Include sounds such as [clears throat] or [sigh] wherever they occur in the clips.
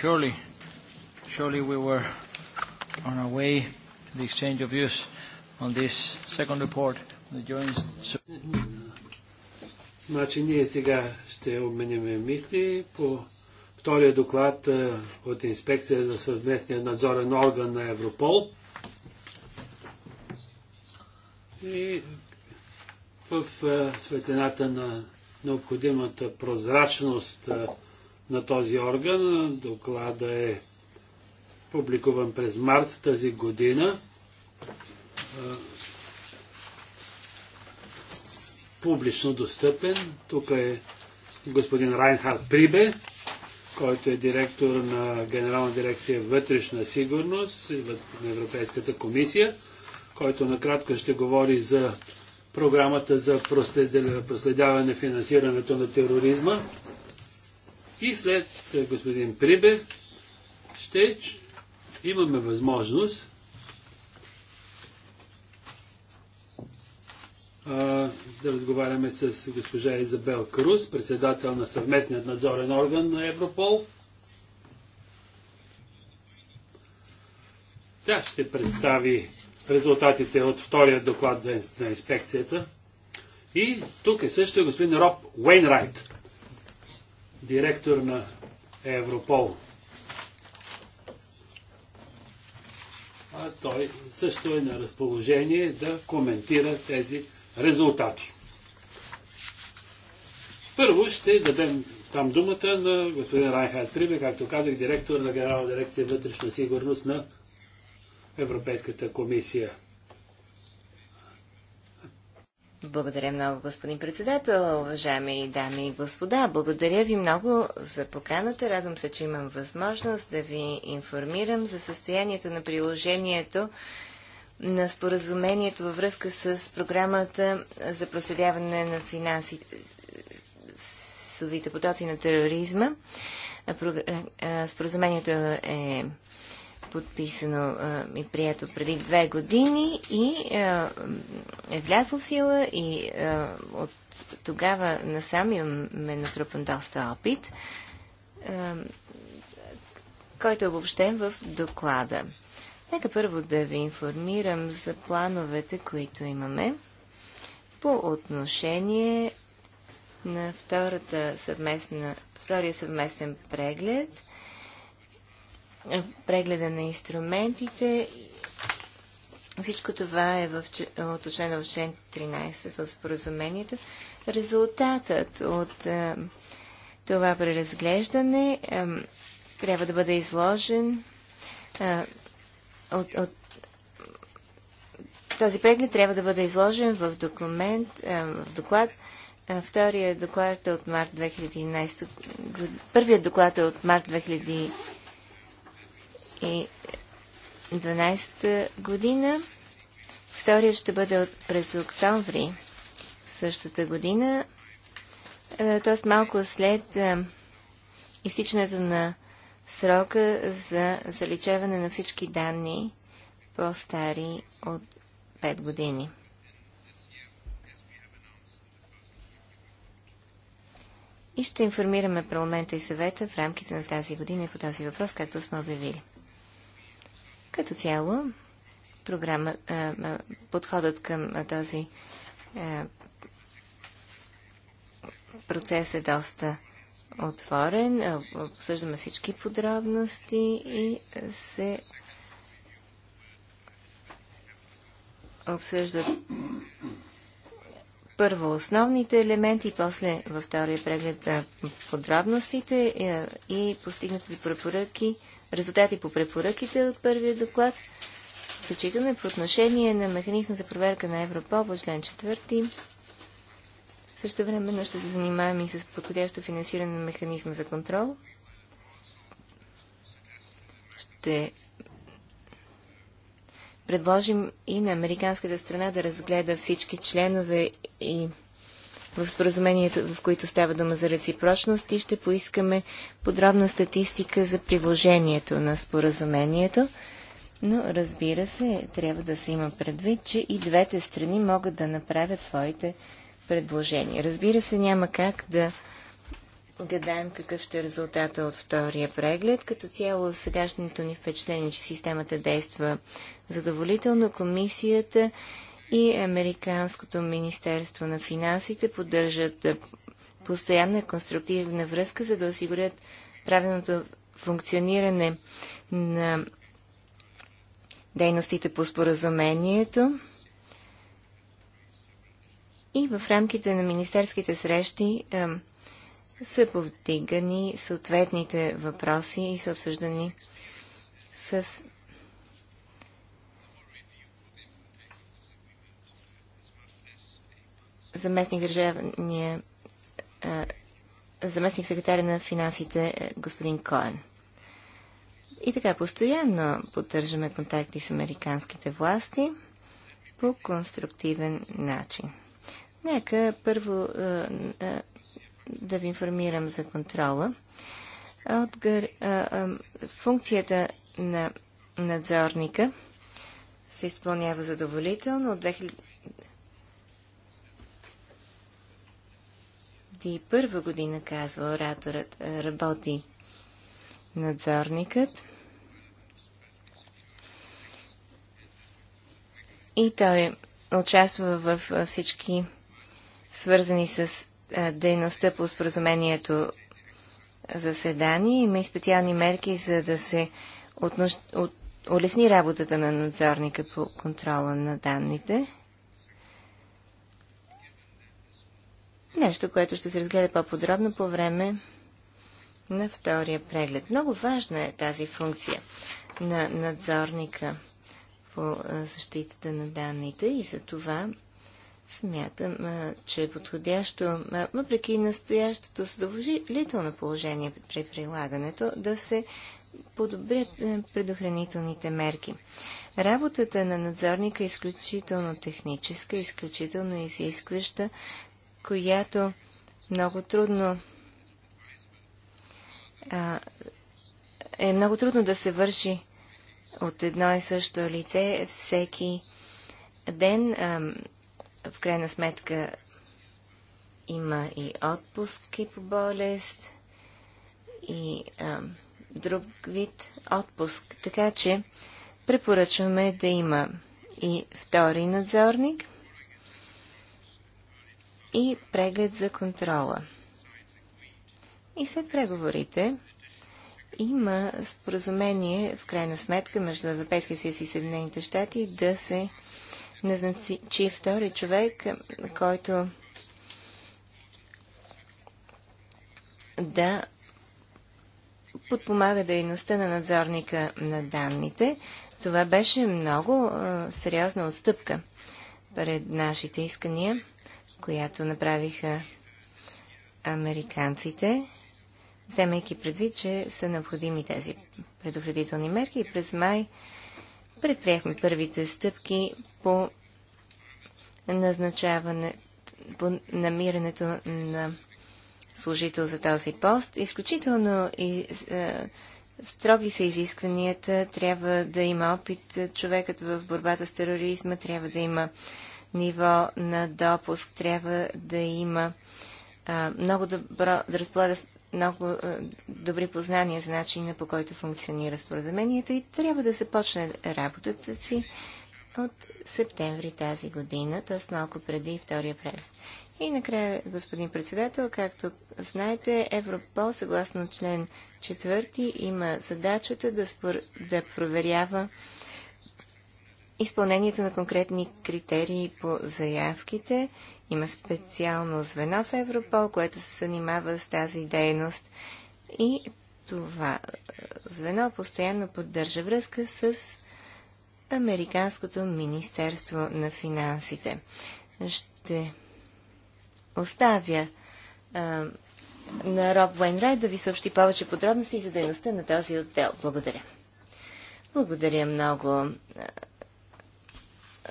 surely, surely we were on our way to the exchange of views on this second report, the joint... Значи ние сега ще обменим мисли по втория доклад е, от инспекция за съвместния надзорен орган на Европол. И в е, светлината на необходимата прозрачност е, на този орган. Доклада е публикуван през март тази година. Публично достъпен. Тук е господин Райнхард Прибе, който е директор на Генерална дирекция вътрешна сигурност на Европейската комисия, който накратко ще говори за програмата за проследяване финансирането на тероризма и след е, господин Прибе ще имаме възможност да разговаряме с госпожа Изабел Крус, председател на съвместният надзорен орган на Европол. Тя ще представи резултатите от втория доклад на инспекцията. И тук е също господин Роб Уейнрайт директор на Европол. А той също е на разположение да коментира тези резултати. Първо ще дадем там думата на господин Райнхард Прибе, както казах, директор на Генерална дирекция вътрешна сигурност на Европейската комисия. Благодаря много, господин председател, уважаеми дами и господа. Благодаря ви много за поканата. Радвам се, че имам възможност да ви информирам за състоянието на приложението на споразумението във връзка с програмата за проследяване на финансовите потоци на тероризма. Споразумението е подписано и прието преди две години и е влязло в сила и от тогава насам имаме натрупан доста опит, който е обобщен в доклада. Нека първо да ви информирам за плановете, които имаме по отношение на втората съвместна, втория съвместен преглед прегледа на инструментите. Всичко това е в, уточнено в член 13 от споразумението. Резултатът от е, това преразглеждане е, трябва да бъде изложен е, от, от този преглед трябва да бъде изложен в документ, в доклад. Вторият доклад е от март 2011. Първият доклад е от март 2011 2012 година. Втория ще бъде от, през октомври същата година, т.е. малко след е, изтичането на срока за заличаване на всички данни по-стари от 5 години. И ще информираме парламента и съвета в рамките на тази година и по този въпрос, както сме обявили. Като цяло, програма, подходът към този процес е доста отворен. Обсъждаме всички подробности и се обсъждат първо основните елементи, после във втория преглед подробностите и постигнатите препоръки резултати по препоръките от първия доклад, включително и по отношение на механизма за проверка на Европол по член 4. Също времено ще се занимаваме и с подходящо финансиране на механизма за контрол. Ще предложим и на американската страна да разгледа всички членове и в споразуменията, в които става дума за реципрочност и ще поискаме подробна статистика за приложението на споразумението. Но разбира се, трябва да се има предвид, че и двете страни могат да направят своите предложения. Разбира се, няма как да гадаем какъв ще е резултата от втория преглед. Като цяло сегашното ни впечатление, е, че системата действа задоволително, комисията и Американското Министерство на финансите поддържат е, постоянна конструктивна връзка, за да осигурят правилното функциониране на дейностите по споразумението и в рамките на министерските срещи е, са повдигани съответните въпроси и са обсъждани с заместник държавния заместник секретаря на финансите е, господин Коен. И така, постоянно поддържаме контакти с американските власти по конструктивен начин. Нека първо е, е, да ви информирам за контрола. От гър, функцията на надзорника се изпълнява задоволително. От 2000, 2001 година, казва ораторът, е, работи надзорникът. И той участва в е, всички свързани с е, дейността по споразумението заседания. Има и специални мерки, за да се отнош... от... улесни работата на надзорника по контрола на данните. Нещо, което ще се разгледа по-подробно по време на втория преглед. Много важна е тази функция на надзорника по защитата на данните и за това смятам, че е подходящо, въпреки настоящото задоволително положение при прилагането, да се подобрят предохранителните мерки. Работата на надзорника е изключително техническа, изключително изискваща, която много трудно а, е много трудно да се върши от едно и също лице всеки ден. А, в крайна сметка има и отпуски по болест и а, друг вид отпуск. Така че препоръчваме да има и втори надзорник и преглед за контрола. И след преговорите има споразумение в крайна сметка между Европейския съюз и Съединените щати да се назначи втори човек, който да подпомага дейността на надзорника на данните. Това беше много сериозна отстъпка пред нашите искания която направиха американците, вземайки предвид, че са необходими тези предохранителни мерки. И през май предприехме първите стъпки по назначаване, по намирането на служител за този пост. Изключително и, е, строги са изискванията. Трябва да има опит е, човекът в борбата с тероризма, трябва да има ниво на допуск. Трябва да има а, много добро, да разполага много а, добри познания за начина по който функционира споразумението и трябва да започне работата си от септември тази година, т.е. малко преди втория прелет. И накрая, господин председател, както знаете, Европол, съгласно член 4, има задачата да, спор... да проверява изпълнението на конкретни критерии по заявките. Има специално звено в Европол, което се занимава с тази дейност. И това е, звено постоянно поддържа връзка с Американското Министерство на финансите. Ще оставя а, е, на Роб Уейнрайт да ви съобщи повече подробности за дейността на този отдел. Благодаря. Благодаря много, е,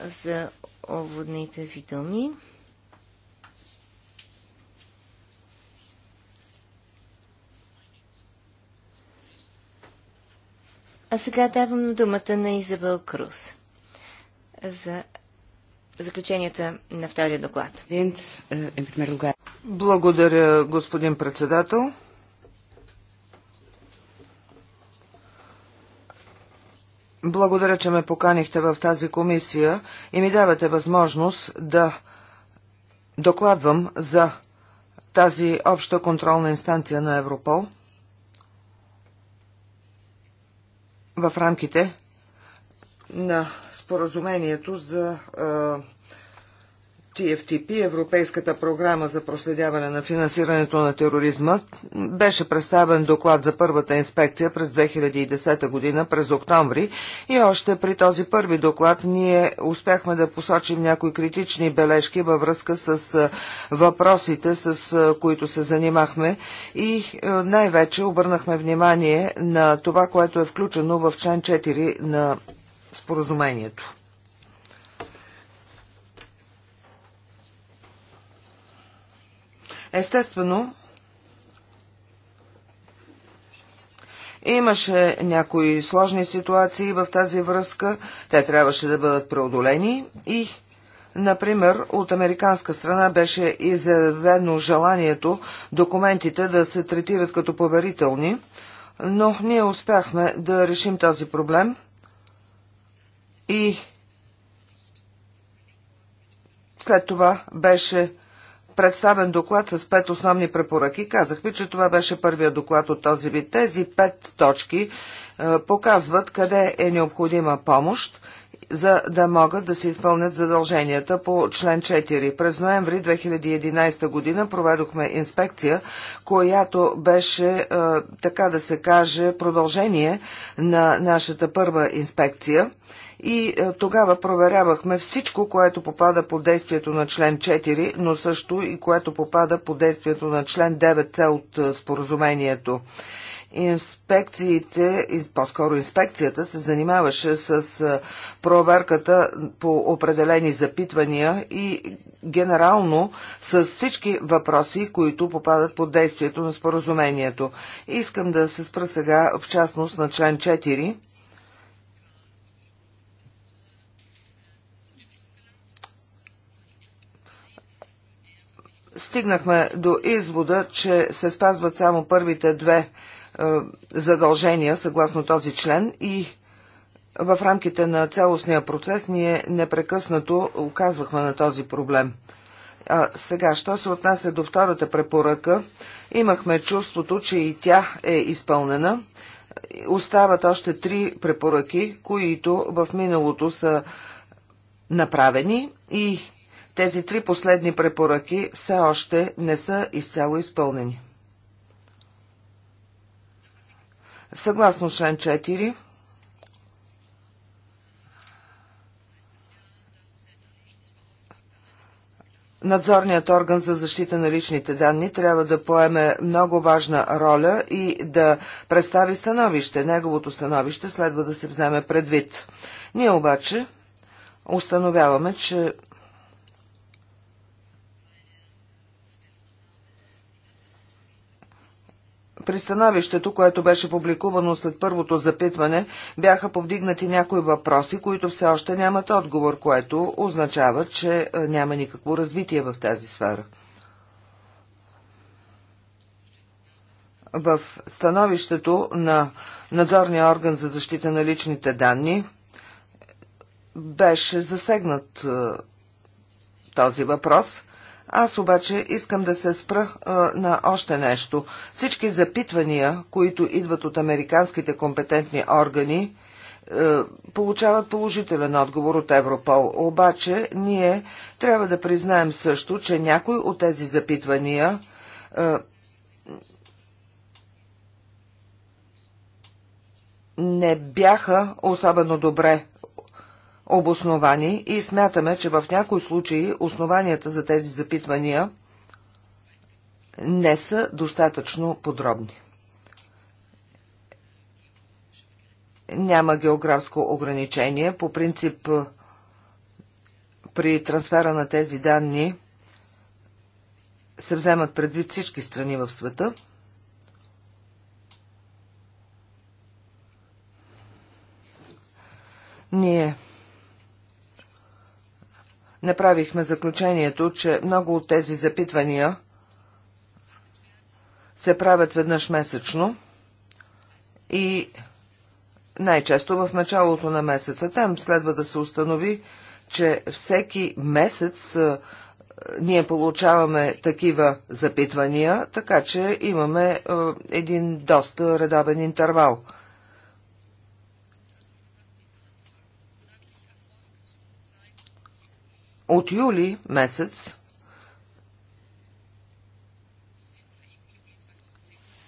за оводните ви думи. А сега давам думата на Изабел Круз за заключенията на втория доклад. Е, е, Благодаря, господин председател. Благодаря, че ме поканихте в тази комисия и ми давате възможност да докладвам за тази обща контролна инстанция на Европол в рамките на споразумението за е, TFTP, Европейската програма за проследяване на финансирането на тероризма, беше представен доклад за първата инспекция през 2010 година, през октомври и още при този първи доклад ние успяхме да посочим някои критични бележки във връзка с въпросите, с които се занимахме и най-вече обърнахме внимание на това, което е включено в член 4 на споразумението. Естествено, Имаше някои сложни ситуации в тази връзка, те трябваше да бъдат преодолени и, например, от американска страна беше изявено желанието документите да се третират като поверителни, но ние успяхме да решим този проблем и след това беше представен доклад с пет основни препоръки. Казахме, че това беше първия доклад от този вид. Тези пет точки е, показват къде е необходима помощ за да могат да се изпълнят задълженията по член 4. През ноември 2011 година проведохме инспекция, която беше, е, така да се каже, продължение на нашата първа инспекция и е, тогава проверявахме всичко, което попада по действието на член 4, но също и което попада по действието на член 9 от е, споразумението. Инспекциите, по-скоро инспекцията се занимаваше с е, проверката по определени запитвания и генерално с всички въпроси, които попадат под действието на споразумението. Искам да се спра сега в частност на член 4 стигнахме до извода, че се спазват само първите две е, задължения съгласно този член и в рамките на цялостния процес ние непрекъснато оказвахме на този проблем. А, сега, що се отнася до втората препоръка, имахме чувството, че и тя е изпълнена. Остават още три препоръки, които в миналото са направени и тези три последни препоръки все още не са изцяло изпълнени. Съгласно член 4, Надзорният орган за защита на личните данни трябва да поеме много важна роля и да представи становище. Неговото становище следва да се вземе предвид. Ние обаче установяваме, че При становището, което беше публикувано след първото запитване, бяха повдигнати някои въпроси, които все още нямат отговор, което означава, че няма никакво развитие в тази сфера. В становището на надзорния орган за защита на личните данни беше засегнат този въпрос – аз обаче искам да се спра а, на още нещо. Всички запитвания, които идват от американските компетентни органи, а, получават положителен отговор от Европол. Обаче ние трябва да признаем също, че някои от тези запитвания а, не бяха особено добре обосновани и смятаме, че в някои случаи основанията за тези запитвания не са достатъчно подробни. Няма географско ограничение. По принцип, при трансфера на тези данни се вземат предвид всички страни в света. Ние направихме заключението, че много от тези запитвания се правят веднъж месечно и най-често в началото на месеца. Там следва да се установи, че всеки месец ние получаваме такива запитвания, така че имаме един доста редобен интервал – От юли месец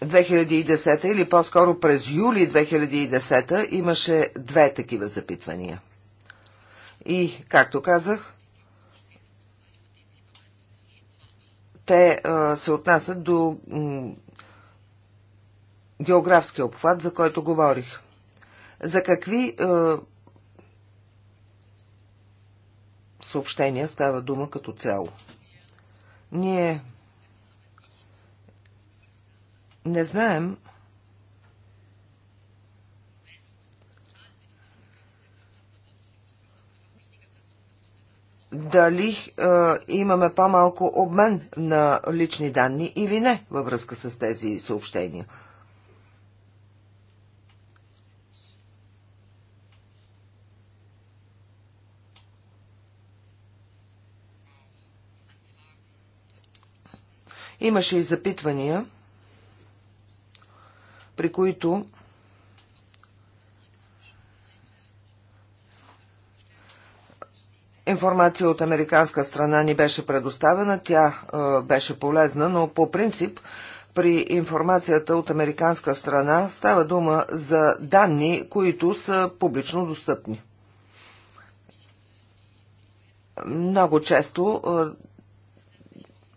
2010 или по-скоро през юли 2010 имаше две такива запитвания. И, както казах, те а, се отнасят до географския обхват, за който говорих. За какви а, съобщения става дума като цяло. Ние не знаем дали е, имаме по-малко обмен на лични данни или не във връзка с тези съобщения. Имаше и запитвания, при които Информация от американска страна ни беше предоставена, тя е, беше полезна, но по принцип при информацията от американска страна става дума за данни, които са публично достъпни. Много често е,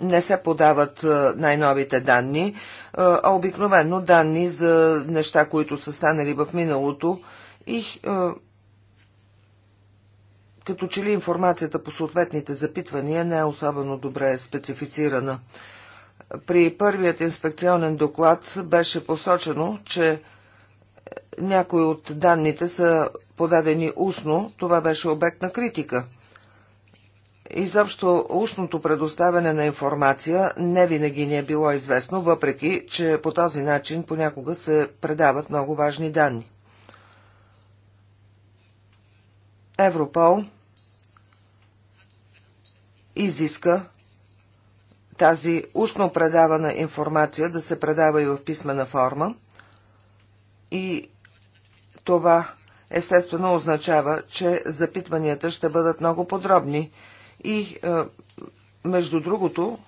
не се подават е, най-новите данни, е, а обикновено данни за неща, които са станали в миналото и е, като че ли информацията по съответните запитвания не е особено добре специфицирана. При първият инспекционен доклад беше посочено, че някои от данните са подадени устно, това беше обект на критика. Изобщо устното предоставяне на информация не винаги ни е било известно, въпреки че по този начин понякога се предават много важни данни. Европол изиска тази устно предавана информация да се предава и в писмена форма и това естествено означава, че запитванията ще бъдат много подробни – и между другото,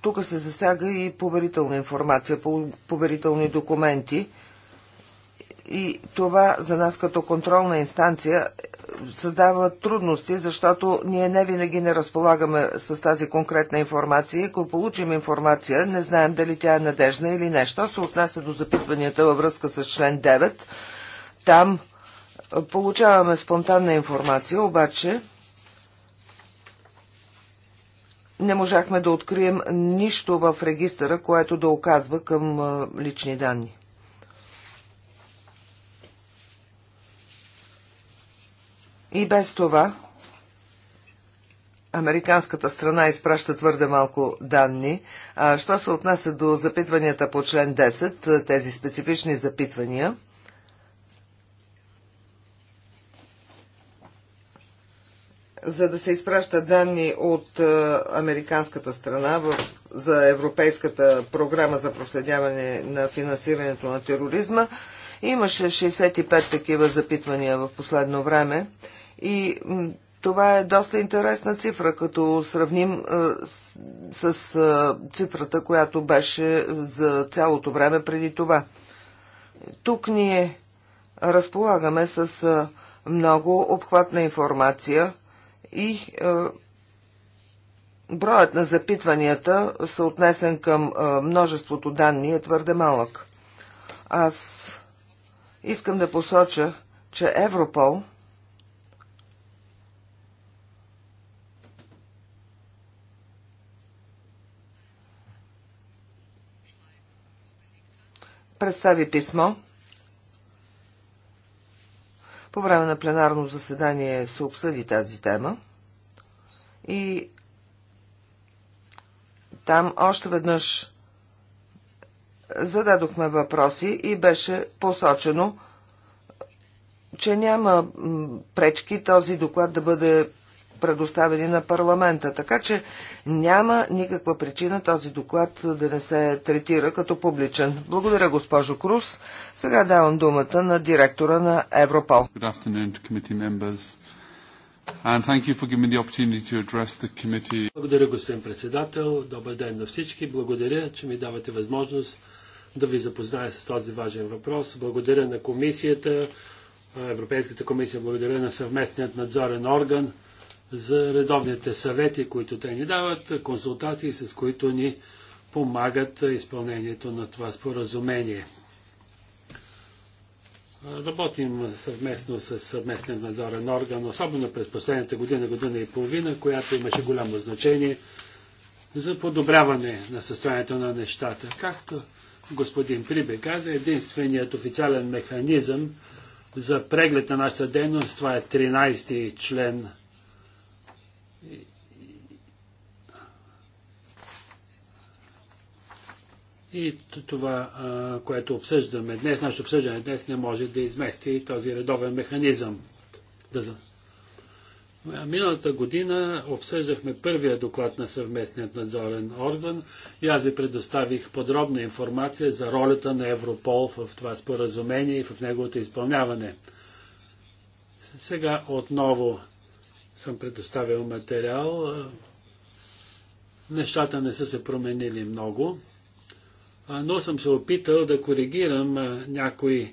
тук се засяга и поверителна информация, поверителни документи. И това за нас като контролна инстанция е, създава трудности, защото ние не винаги не разполагаме с тази конкретна информация ако получим информация, не знаем дали тя е надежна или не. Що се отнася до запитванията във връзка с член 9, там е, получаваме спонтанна информация, обаче не можахме да открием нищо в регистъра, което да оказва към лични данни. И без това американската страна изпраща твърде малко данни. що се отнася до запитванията по член 10, тези специфични запитвания – за да се изпраща данни от е, американската страна в, за Европейската програма за проследяване на финансирането на тероризма. Имаше 65 такива запитвания в последно време и това е доста интересна цифра, като сравним е, с, с е, цифрата, която беше за цялото време преди това. Тук ние разполагаме с много обхватна информация и е, броят на запитванията, съотнесен към е, множеството данни, е твърде малък. Аз искам да посоча, че Европол представи писмо, по време на пленарно заседание се обсъди тази тема и там още веднъж зададохме въпроси и беше посочено, че няма пречки този доклад да бъде предоставени на парламента. Така че няма никаква причина този доклад да не се третира като публичен. Благодаря, госпожо Крус. Сега давам думата на директора на Европол. Благодаря, господин председател. Добър ден на всички. Благодаря, че ми давате възможност да ви запозная с този важен въпрос. Благодаря на комисията, Европейската комисия, благодаря на съвместният надзорен орган за редовните съвети, които те ни дават, консултации, с които ни помагат изпълнението на това споразумение. Работим съвместно с съвместен надзорен орган, особено през последната година, година и половина, която имаше голямо значение за подобряване на състоянието на нещата. Както господин Прибе каза, единственият официален механизъм за преглед на нашата дейност, това е 13 ти член И това, което обсъждаме днес, нашето обсъждане днес не може да измести този редовен механизъм. Миналата година обсъждахме първия доклад на съвместният надзорен орган и аз ви предоставих подробна информация за ролята на Европол в това споразумение и в неговото изпълняване. Сега отново съм предоставил материал. Нещата не са се променили много но съм се опитал да коригирам някои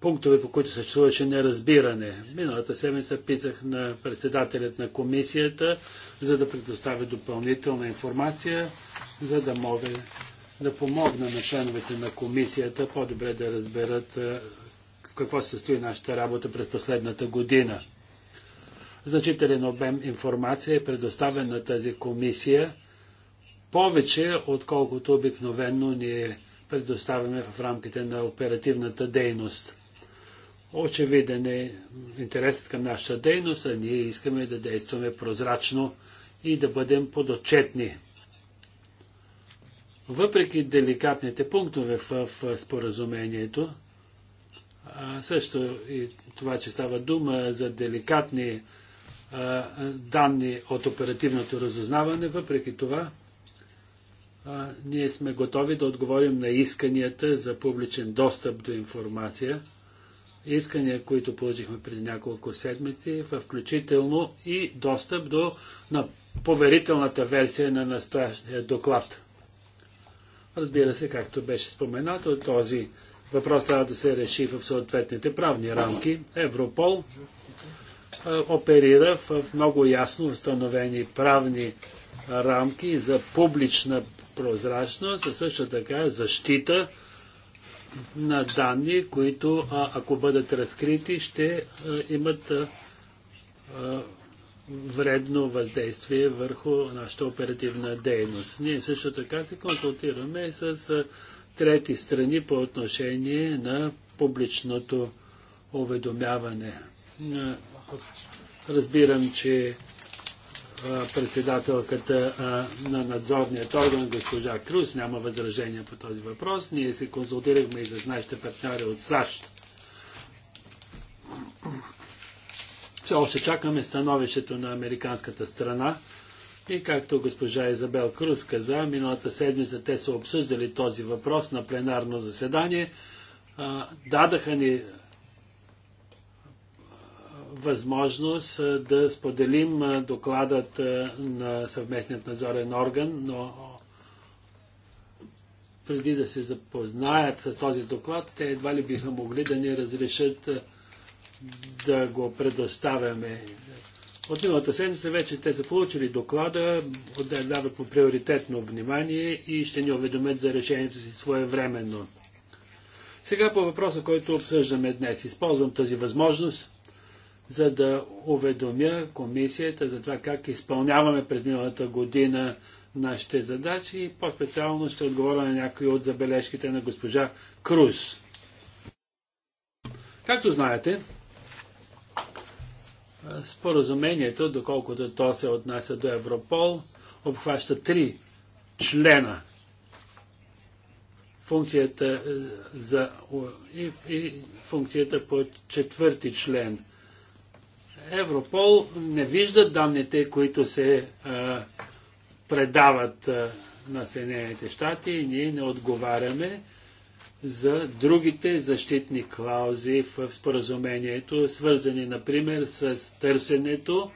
пунктове, по които съществуваше неразбиране. Миналата седмица писах на председателят на комисията, за да предоставя допълнителна информация, за да мога да помогна на членовете на комисията по-добре да разберат в какво се състои нашата работа през последната година. Значителен обем информация е предоставен на тази комисия – повече, отколкото обикновено ние предоставяме в рамките на оперативната дейност. Очевиден е интересът към нашата дейност, а ние искаме да действаме прозрачно и да бъдем подотчетни. Въпреки деликатните пунктове в, в споразумението, а също и това, че става дума за деликатни а, данни от оперативното разузнаване, въпреки това а, ние сме готови да отговорим на исканията за публичен достъп до информация, искания, които получихме преди няколко седмици, включително и достъп до на поверителната версия на настоящия доклад. Разбира се, както беше споменато, този въпрос трябва да се реши в съответните правни рамки. Европол а, оперира в много ясно установени правни рамки за публична прозрачност, а също така е защита на данни, които ако бъдат разкрити, ще имат вредно въздействие върху нашата оперативна дейност. Ние също така се консултираме с трети страни по отношение на публичното уведомяване. Разбирам, че председателката на надзорният орган, госпожа Крус няма възражения по този въпрос. Ние се консултирахме и с нашите партньори от САЩ. Все още чакаме становището на американската страна. И както госпожа Изабел Крус, каза, миналата седмица те са обсъждали този въпрос на пленарно заседание. дадаха ни възможност да споделим докладът на съвместният надзорен орган, но преди да се запознаят с този доклад, те едва ли биха могли да ни разрешат да го предоставяме. От миналата седмица вече те са получили доклада, отдават по приоритетно внимание и ще ни уведомят за решението си своевременно. Сега по въпроса, който обсъждаме днес. Използвам тази възможност за да уведомя комисията за това как изпълняваме през миналата година нашите задачи и по-специално ще отговоря на някои от забележките на госпожа Круз. Както знаете, споразумението, доколкото то се отнася до Европол, обхваща три члена. Функцията е, за, и, и функцията по четвърти член – Европол не вижда данните, които се а, е, предават а, е, на Съединените щати и ние не отговаряме за другите защитни клаузи в споразумението, свързани, например, с търсенето,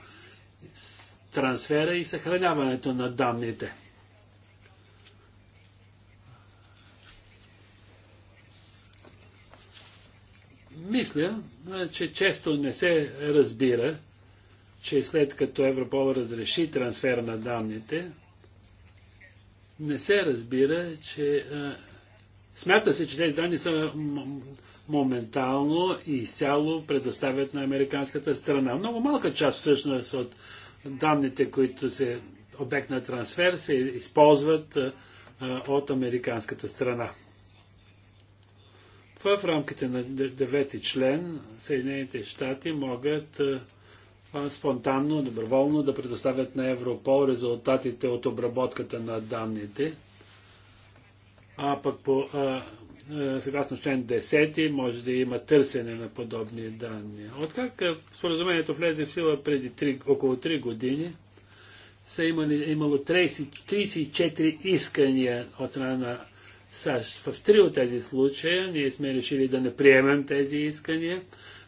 с трансфера и съхраняването на данните. Мисля, че често не се разбира, че след като Европол разреши трансфер на данните, не се разбира, че а, смята се, че тези данни са моментално и изцяло предоставят на американската страна. Много малка част всъщност от данните, които се обект на трансфер, се използват а, от американската страна. В рамките на девети член Съединените щати могат е, спонтанно, доброволно да предоставят на Европол резултатите от обработката на данните. А пък по, а, съгласно член 10 може да има търсене на подобни данни. Откак е, споразумението влезе в сила преди 3, около 3 години, са имали, имало 30, 34 искания от страна на САЩ. В три от тези случая ние сме решили да не приемем тези искания,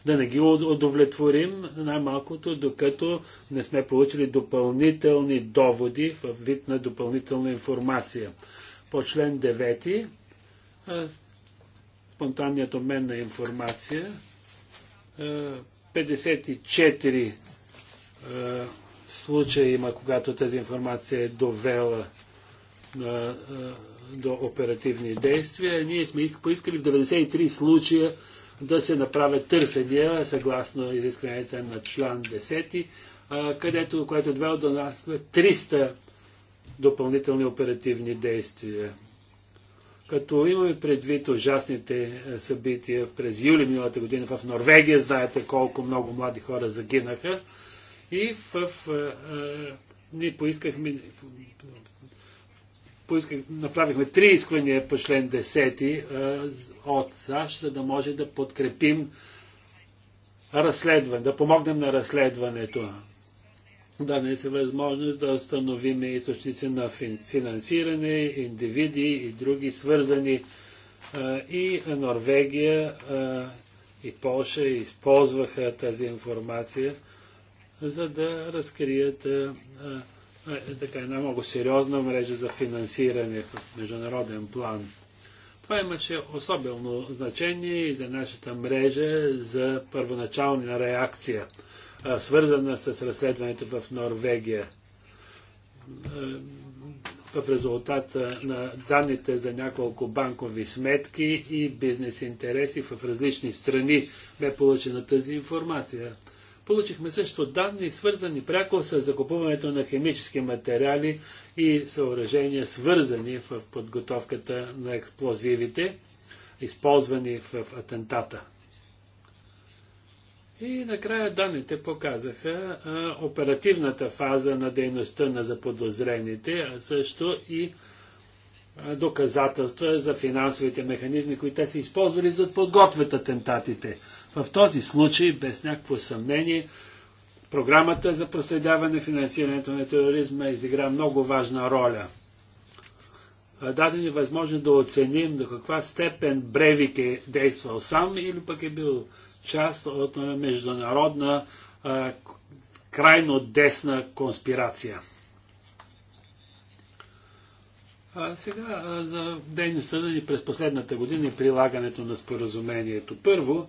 да не ги удовлетворим, най-малкото докато не сме получили допълнителни доводи в вид на допълнителна информация. По член 9, спонтанният обмен на информация, 54 случая има, когато тази информация е довела на до оперативни действия. Ние сме поискали в 93 случая да се направят търсения, съгласно изискванията на член 10, където, което е до нас 300 допълнителни оперативни действия. Като имаме предвид ужасните събития през юли миналата година в Норвегия, знаете колко много млади хора загинаха, и в, в, в, ние поискахме поисках, направихме три искания по член 10 от САЩ, за да може да подкрепим разследване, да помогнем на разследването. Да не се възможност да установим източници на финансиране, индивиди и други свързани. И Норвегия, и Польша използваха тази информация, за да разкрият е така една много сериозна мрежа за финансиране в международен план. Това имаше особено значение и за нашата мрежа за първоначална реакция, свързана с разследването в Норвегия. В резултат на данните за няколко банкови сметки и бизнес интереси в различни страни бе получена тази информация. Получихме също данни, свързани пряко с закупуването на химически материали и съоръжения, свързани в подготовката на експлозивите, използвани в атентата. И накрая данните показаха оперативната фаза на дейността на заподозрените, а също и доказателства за финансовите механизми, които те са използвали за да подготвят атентатите. В този случай, без някакво съмнение, програмата за проследяване финансирането на тероризма изигра много важна роля. Даде ни възможност да оценим до каква степен Бревик е действал сам или пък е бил част от международна а, крайно десна конспирация. А сега а, за дейността ни през последната година и прилагането на споразумението. Първо,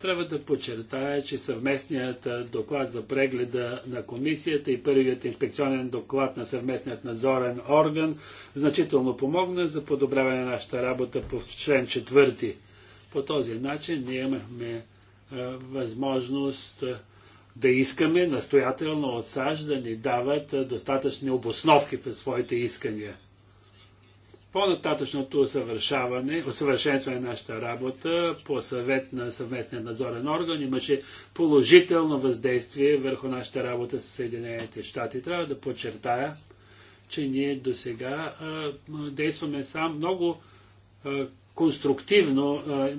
трябва да подчертая, че съвместният доклад за прегледа на комисията и първият инспекционен доклад на съвместният надзорен орган значително помогна за подобряване на нашата работа по член 4. По този начин ние имахме възможност да искаме настоятелно от САЩ да ни дават достатъчни обосновки пред своите искания. По-нататъчното усъвършаване, усъвършенстване на нашата работа по съвет на съвместния надзорен орган имаше положително въздействие върху нашата работа с Съединените щати. Трябва да подчертая, че ние до сега действаме сам много а, конструктивно, а,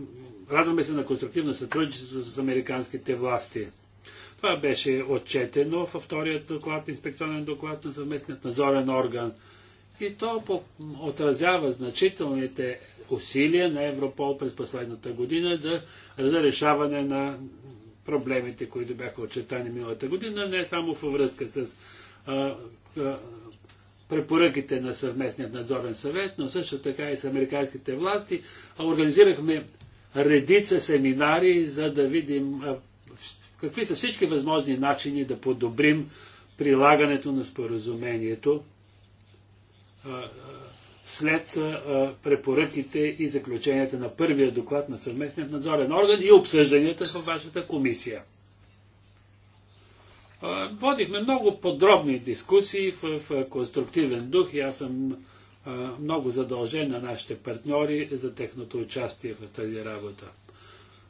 радваме се на конструктивно сътрудничество с американските власти. Това беше отчетено във вторият доклад, инспекционен доклад на съвместният надзорен орган – и то отразява значителните усилия на Европол през последната година да, за решаване на проблемите, които бяха отчетани миналата година, не само във връзка с а, а, препоръките на съвместния надзорен съвет, но също така и с американските власти. А организирахме редица семинари, за да видим а, какви са всички възможни начини да подобрим прилагането на споразумението след препоръките и заключенията на първия доклад на съвместният надзорен орган и обсъжданията във вашата комисия. Водихме много подробни дискусии в, конструктивен дух и аз съм много задължен на нашите партньори за техното участие в тази работа.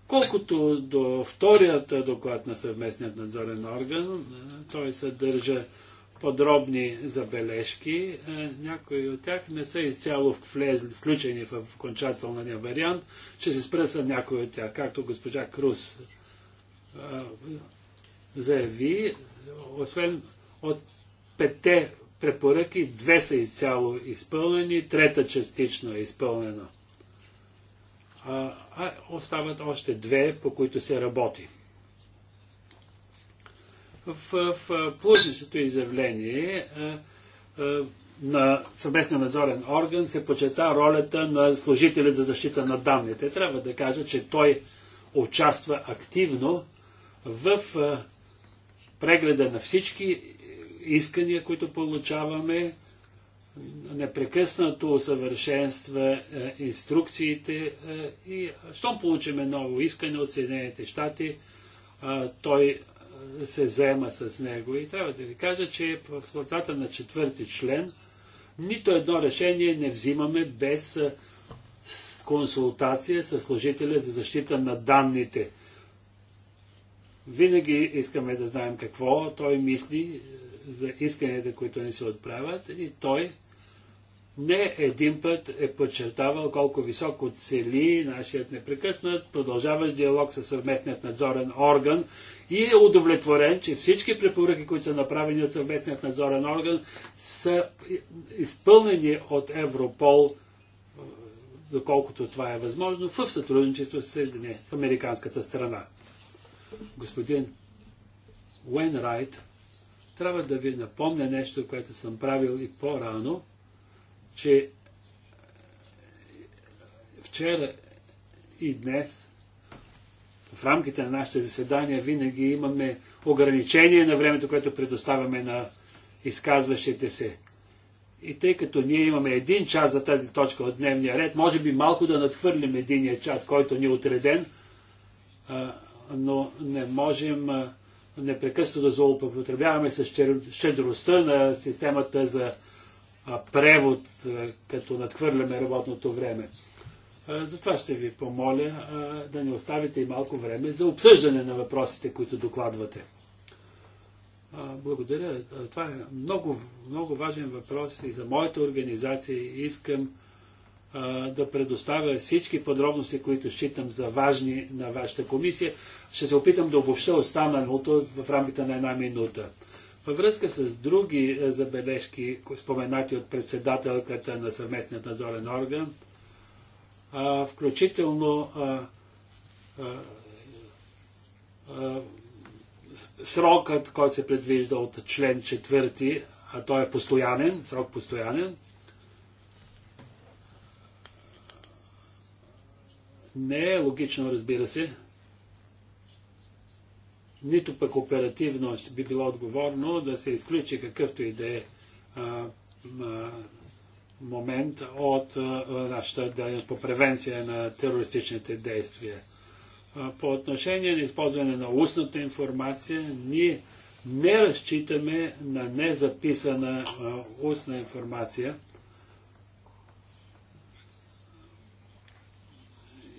Колкото до вторият доклад на съвместният надзорен орган, той съдържа подробни забележки. Е, някои от тях не са изцяло влезли, включени в окончателния вариант. Ще се спра с някои от тях, както госпожа Крус е, заяви. Освен от пете препоръки, две са изцяло изпълнени, трета частично е изпълнена. А, а остават още две, по които се работи в, в плътничето изявление е, е, на съвместния надзорен орган се почета ролята на служителя за защита на данните. Трябва да кажа, че той участва активно в е, прегледа на всички искания, които получаваме, непрекъснато усъвършенства инструкциите и щом получиме ново искане от Съединените щати, той се заема с него. И трябва да ви кажа, че в слотата на четвърти член нито едно решение не взимаме без консултация с служителя за защита на данните. Винаги искаме да знаем какво той мисли за исканията, които ни се отправят и той не един път е подчертавал колко високо цели нашият непрекъснат продължаващ диалог със съвместният надзорен орган и е удовлетворен, че всички препоръки, които са направени от съвместният надзорен орган, са изпълнени от Европол, доколкото това е възможно, в сътрудничество с, не, с американската страна. Господин Уенрайт, трябва да ви напомня нещо, което съм правил и по-рано – че вчера и днес в рамките на нашите заседания винаги имаме ограничение на времето, което предоставяме на изказващите се. И тъй като ние имаме един час за тази точка от дневния ред, може би малко да надхвърлим единия час, който ни е отреден, но не можем а, непрекъснато да злоупотребяваме с щедростта на системата за превод, като надхвърляме работното време. Затова ще ви помоля да не оставите и малко време за обсъждане на въпросите, които докладвате. Благодаря. Това е много, много важен въпрос и за моята организация. Искам да предоставя всички подробности, които считам за важни на вашата комисия. Ще се опитам да обобща останалото в рамките на една минута. Във връзка с други е, забележки, споменати от председателката на съвместният надзорен орган, включително срокът, който се предвижда от член 4, а той е постоянен, срок постоянен, не е логично, разбира се, нито пък оперативно би било отговорно да се изключи какъвто и да е момент от нашата дейност по превенция на терористичните действия. По отношение на използване на устната информация, ние не разчитаме на незаписана устна информация.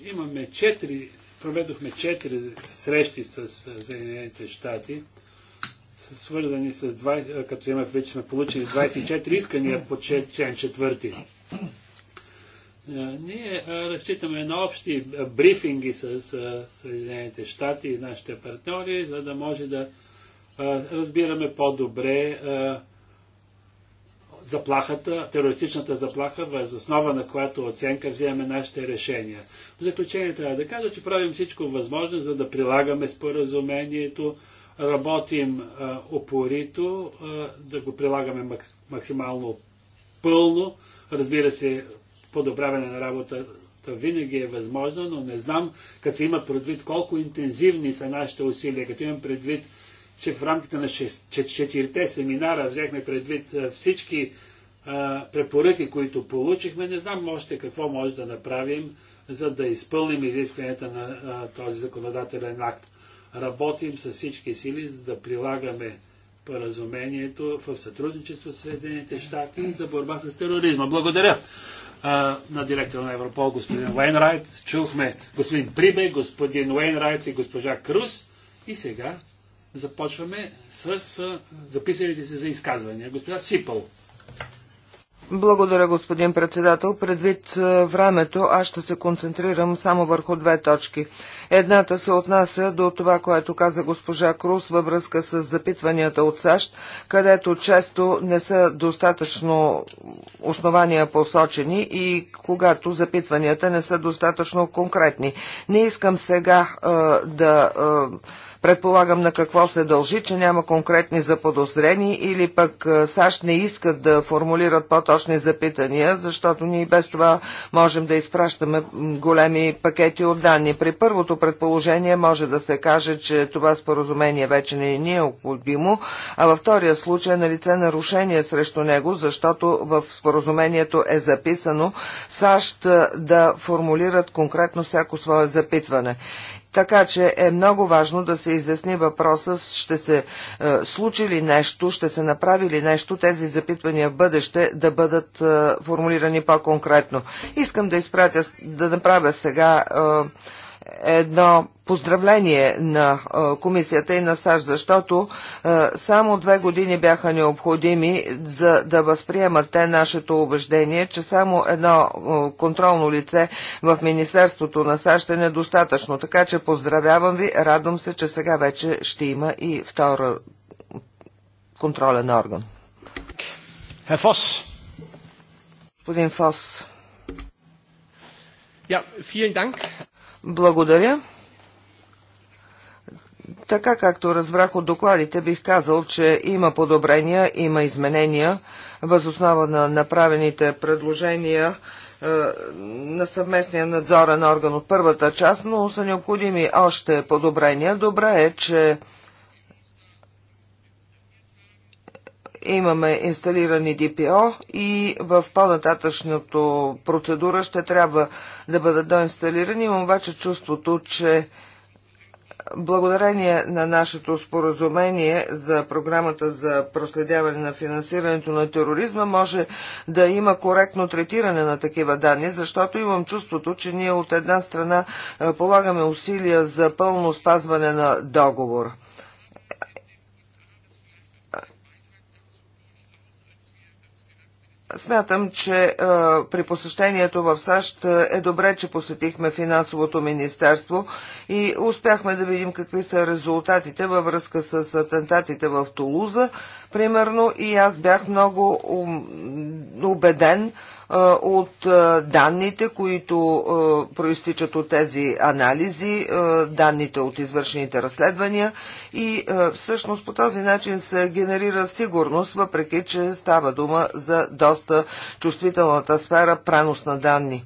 Имаме четири проведохме четири срещи с Съединените щати, свързани с 20, като имах вече сме получили 24 искания по член четвърти. Ние разчитаме на общи брифинги с Съединените щати и нашите партньори, за да може да разбираме по-добре заплахата, терористичната заплаха, въз основа на която оценка вземаме нашите решения. В заключение трябва да кажа, че правим всичко възможно, за да прилагаме споразумението, работим а, опорито, а, да го прилагаме макс, максимално пълно. Разбира се, подобряване на работа то винаги е възможно, но не знам, като се има предвид колко интензивни са нашите усилия, като имам предвид че в рамките на четирите семинара взехме предвид всички препоръки, които получихме. Не знам още какво може да направим, за да изпълним изискванията на този законодателен акт. Работим с всички сили, за да прилагаме поразумението в сътрудничество с Съединените щати за борба с тероризма. Благодаря на директора на Европол, господин Уейнрайт. Чухме господин Прибе, господин Уейнрайт и госпожа Круз. И сега Започваме с записалите се за изказвания. Господа Сипъл. Благодаря, господин председател. Предвид е, времето, аз ще се концентрирам само върху две точки. Едната се отнася до това, което каза госпожа Крус във връзка с запитванията от САЩ, където често не са достатъчно основания посочени и когато запитванията не са достатъчно конкретни. Не искам сега а, е, да. А, е, Предполагам на какво се дължи, че няма конкретни заподозрени или пък САЩ не искат да формулират по-точни запитания, защото ние без това можем да изпращаме големи пакети от данни. При първото предположение може да се каже, че това споразумение вече не е необходимо, а във втория случай е на лице нарушение срещу него, защото в споразумението е записано САЩ да формулират конкретно всяко свое запитване. Така че е много важно да се изясни въпроса, ще се е, случи ли нещо, ще се направи ли нещо, тези запитвания в бъдеще да бъдат е, формулирани по-конкретно. Искам да изпратя, да направя сега е, едно поздравление на е, комисията и на САЩ, защото е, само две години бяха необходими за да възприемат те нашето убеждение, че само едно е, контролно лице в Министерството на САЩ е недостатъчно. Така че поздравявам ви, радвам се, че сега вече ще има и втора контролен орган. Фос. Господин Фос. Ja, vielen Dank. Благодаря. Така както разбрах от докладите, бих казал, че има подобрения, има изменения възоснова на направените предложения е, на съвместния надзорен орган от първата част, но са необходими още подобрения. Добре е, че имаме инсталирани ДПО и в по-нататъчното процедура ще трябва да бъдат доинсталирани. Имам обаче чувството, че благодарение на нашето споразумение за програмата за проследяване на финансирането на тероризма може да има коректно третиране на такива данни, защото имам чувството, че ние от една страна полагаме усилия за пълно спазване на договор. Смятам, че е, при посещението в САЩ е добре, че посетихме финансовото министерство и успяхме да видим какви са резултатите във връзка с атентатите в Тулуза, примерно, и аз бях много убеден, от данните, които проистичат от тези анализи, данните от извършените разследвания и всъщност по този начин се генерира сигурност, въпреки че става дума за доста чувствителната сфера пренос на данни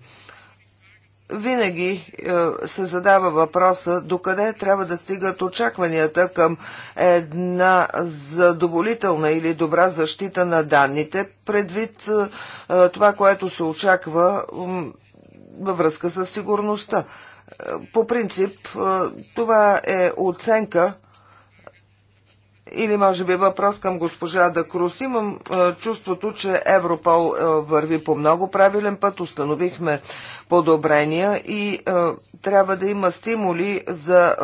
винаги е, се задава въпроса докъде трябва да стигат очакванията към една задоволителна или добра защита на данните, предвид е, е това, което се очаква е, във връзка с сигурността. Е, по принцип, е, това е оценка, или може би е въпрос към госпожа Дакрус. Имам е, чувството, че Европол е, върви по много правилен път, установихме подобрения и е, трябва да има стимули за е,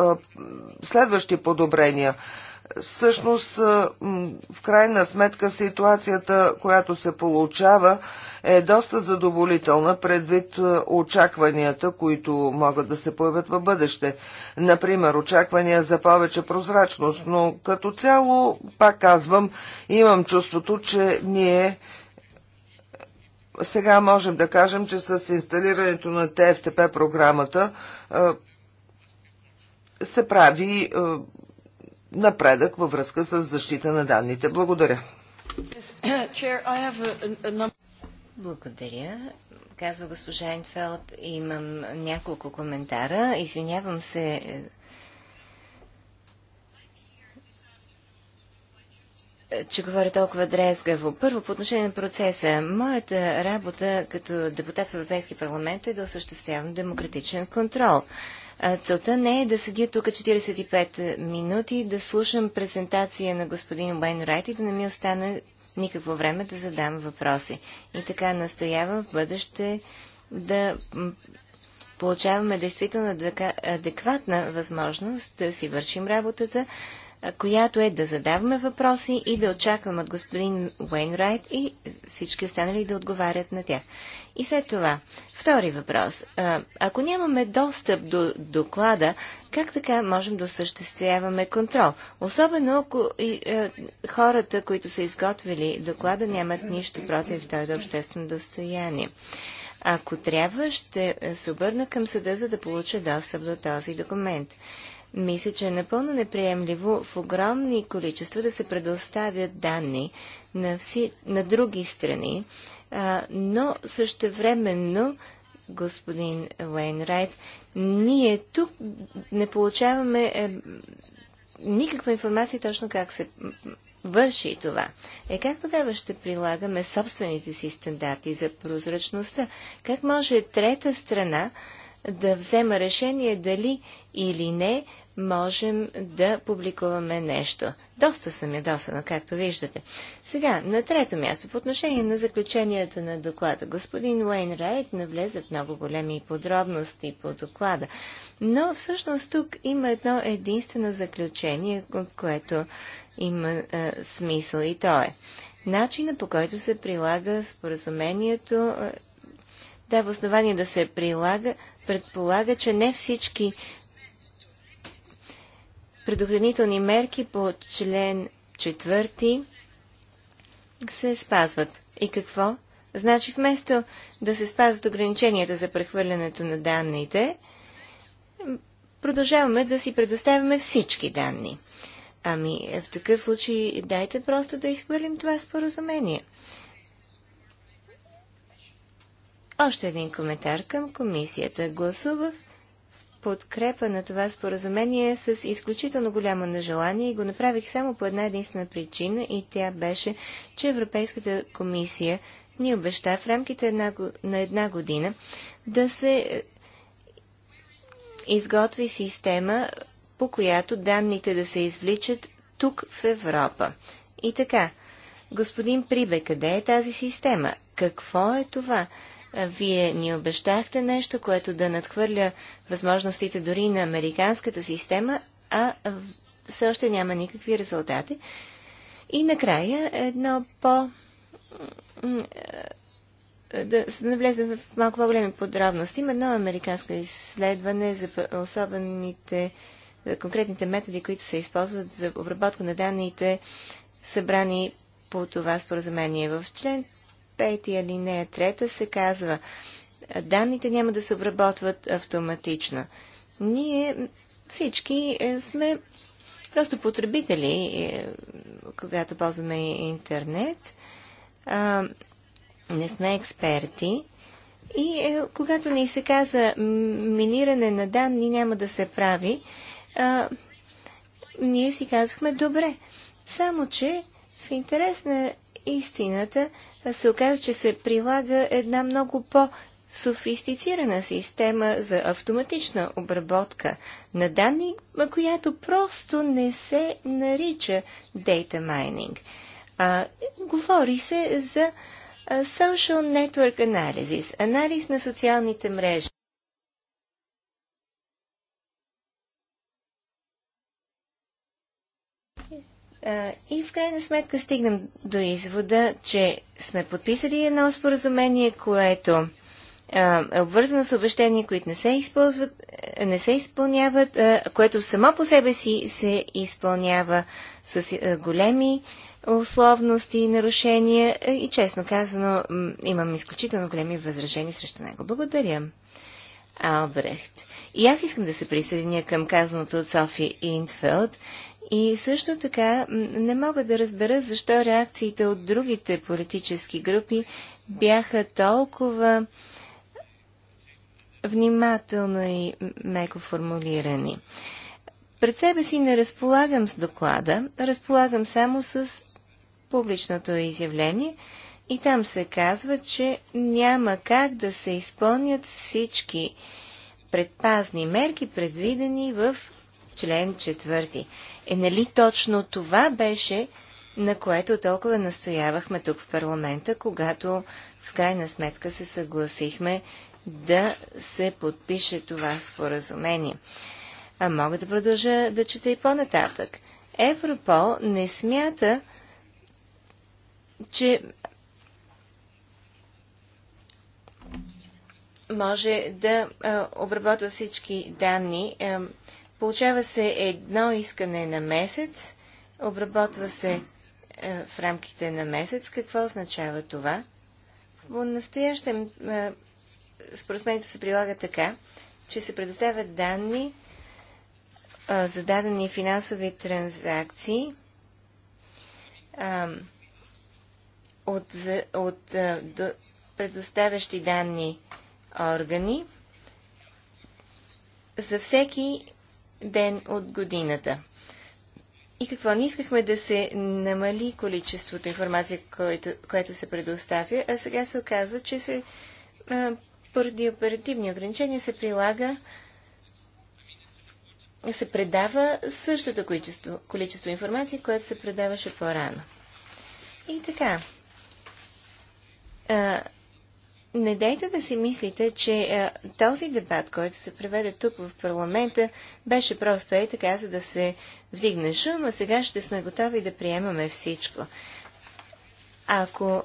следващи подобрения. Всъщност, в крайна сметка, ситуацията, която се получава, е доста задоволителна предвид очакванията, които могат да се появят в бъдеще. Например, очаквания за повече прозрачност, но като цяло, пак казвам, имам чувството, че ние сега можем да кажем, че с инсталирането на ТФТП програмата се прави напредък във връзка с защита на данните. Благодаря. [coughs] Благодаря. Казва госпожа Енфелд, имам няколко коментара. Извинявам се. че говоря толкова дрезгаво. Първо, по отношение на процеса. Моята работа като депутат в Европейски парламент е да осъществявам демократичен контрол. Целта не е да седя тук 45 минути, да слушам презентация на господин Уайн Райт и да не ми остане никакво време да задам въпроси. И така настоявам в бъдеще да получаваме действително адекватна възможност да си вършим работата, която е да задаваме въпроси и да очакваме от господин Уейнрайт и всички останали да отговарят на тях. И след това, втори въпрос. Ако нямаме достъп до доклада, как така можем да осъществяваме контрол? Особено ако и, е, хората, които са изготвили доклада, нямат нищо против той до е обществено достояние. Ако трябва, ще се обърна към съда, за да получа достъп до този документ. Мисля, че е напълно неприемливо в огромни количества да се предоставят данни на, вси, на други страни, а, но същевременно, господин Уейнрайт, ние тук не получаваме е, никаква информация точно как се върши това. Е как тогава ще прилагаме собствените си стандарти за прозрачността? Как може трета страна да взема решение дали или не можем да публикуваме нещо. Доста съм ядосана, както виждате. Сега, на трето място, по отношение на заключенията на доклада. Господин Уейн Райт навлезе в много големи подробности по доклада. Но всъщност тук има едно единствено заключение, от което има а, смисъл и то е. Начина по който се прилага споразумението да, в основание да се прилага, предполага, че не всички предохранителни мерки по член 4 се спазват. И какво? Значи вместо да се спазват ограниченията за прехвърлянето на данните, продължаваме да си предоставяме всички данни. Ами, в такъв случай дайте просто да изхвърлим това споразумение. Още един коментар към комисията. Гласувах подкрепа на това споразумение с изключително голямо нежелание и го направих само по една единствена причина и тя беше, че Европейската комисия ни обеща в рамките една, на една година да се е, изготви система, по която данните да се извличат тук в Европа. И така, господин Прибе, къде е тази система? Какво е това? Вие ни обещахте нещо, което да надхвърля възможностите дори на американската система, а все още няма никакви резултати. И накрая едно по... Да се навлезем в малко по-големи подробности. Има едно американско изследване за особените, за конкретните методи, които се използват за обработка на данните, събрани по това споразумение. В член 5 алинея 3 се казва данните няма да се обработват автоматично. Ние всички е, сме просто потребители, е, когато ползваме интернет. Не сме експерти. И е, когато ни се каза миниране на данни няма да се прави, а, ние си казахме добре. Само, че в интерес на истината се оказа, че се прилага една много по- софистицирана система за автоматична обработка на данни, която просто не се нарича Data Mining. А, говори се за Social Network Analysis, анализ на социалните мрежи. И в крайна сметка стигнем до извода, че сме подписали едно споразумение, което е обвързано с обещания, които не се, използват, е, не се изпълняват, което само по себе си се изпълнява с е, големи условности и нарушения е, и честно казано имам изключително големи възражения срещу него. Благодаря. Албрехт. И аз искам да се присъединя към казаното от Софи Индфелд и също така не мога да разбера защо реакциите от другите политически групи бяха толкова внимателно и меко формулирани. Пред себе си не разполагам с доклада, разполагам само с публичното изявление и там се казва, че няма как да се изпълнят всички предпазни мерки, предвидени в член четвърти. Е нали точно това беше, на което толкова настоявахме тук в парламента, когато в крайна сметка се съгласихме да се подпише това споразумение. А мога да продължа да чета и по-нататък. Европол не смята, че може да обработва всички данни Получава се едно искане на месец, обработва се е, в рамките на месец. Какво означава това? В настоящем е, споразумението се прилага така, че се предоставят данни е, за дадени финансови транзакции от, от до, предоставящи данни органи за всеки ден от годината. И какво? Не искахме да се намали количеството информация, което, което се предоставя, а сега се оказва, че се, а, поради оперативни ограничения се прилага се предава същото количество, количество информация, което се предаваше по-рано. И така не дейте да си мислите, че а, е, този дебат, който се преведе тук в парламента, беше просто е така, за да се вдигне шум, а сега ще сме готови да приемаме всичко. Ако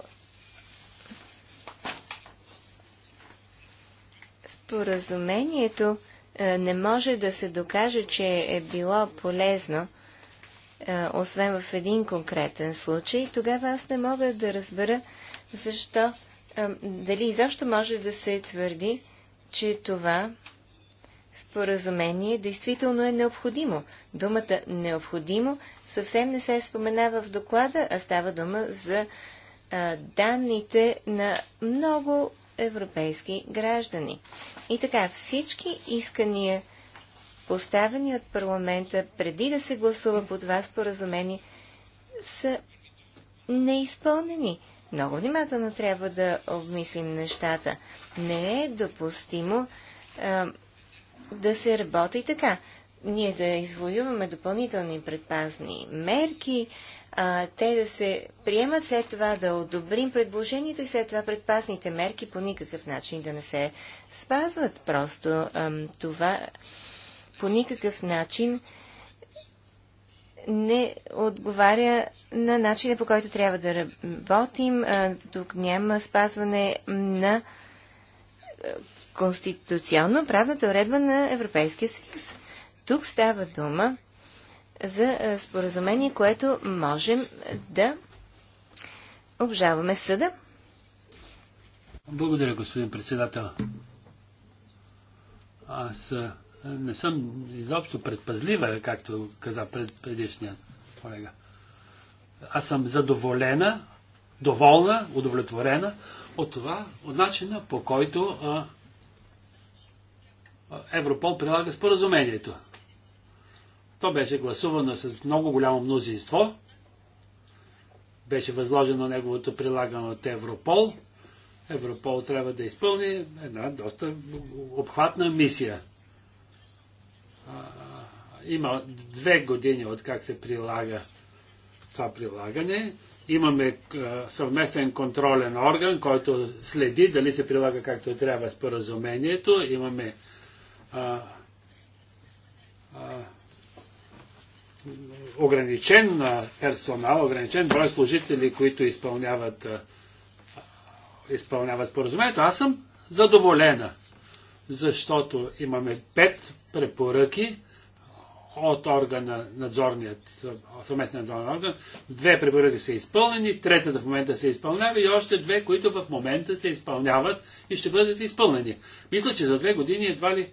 споразумението а, е, не може да се докаже, че е било полезно, а, е, освен в един конкретен случай, тогава аз не мога да разбера защо дали изобщо може да се твърди, че това споразумение действително е необходимо. Думата необходимо съвсем не се споменава в доклада, а става дума за а, данните на много европейски граждани. И така, всички искания, поставени от парламента преди да се гласува по това споразумение, са неизпълнени. Много внимателно трябва да обмислим нещата. Не е допустимо а, да се работи така. Ние да извоюваме допълнителни предпазни мерки, а, те да се приемат след това, да одобрим предложението и след това предпазните мерки по никакъв начин да не се спазват. Просто а, това по никакъв начин не отговаря на начина по който трябва да работим. Тук няма спазване на конституционно правната уредба на Европейския съюз. Тук става дума за споразумение, което можем да обжаваме в съда. Благодаря, господин председател. Аз не съм изобщо предпазлива, както каза пред, предишният колега. Аз съм задоволена, доволна, удовлетворена от това, от начина по който а, Европол прилага споразумението. То беше гласувано с много голямо мнозинство. Беше възложено неговото прилагане от Европол. Европол трябва да изпълни една доста обхватна мисия – има две години от как се прилага това прилагане. Имаме е, съвместен контролен орган, който следи дали се прилага както трябва споразумението. Имаме а, е, а, е, ограничен персонал, ограничен брой служители, които изпълняват, изпълняват споразумението. Аз съм задоволена, защото имаме пет препоръки от органа, надзорният, съвместен надзорен орган. Две препоръки са изпълнени, третата в момента се изпълнява и още две, които в момента се изпълняват и ще бъдат изпълнени. Мисля, че за две години едва ли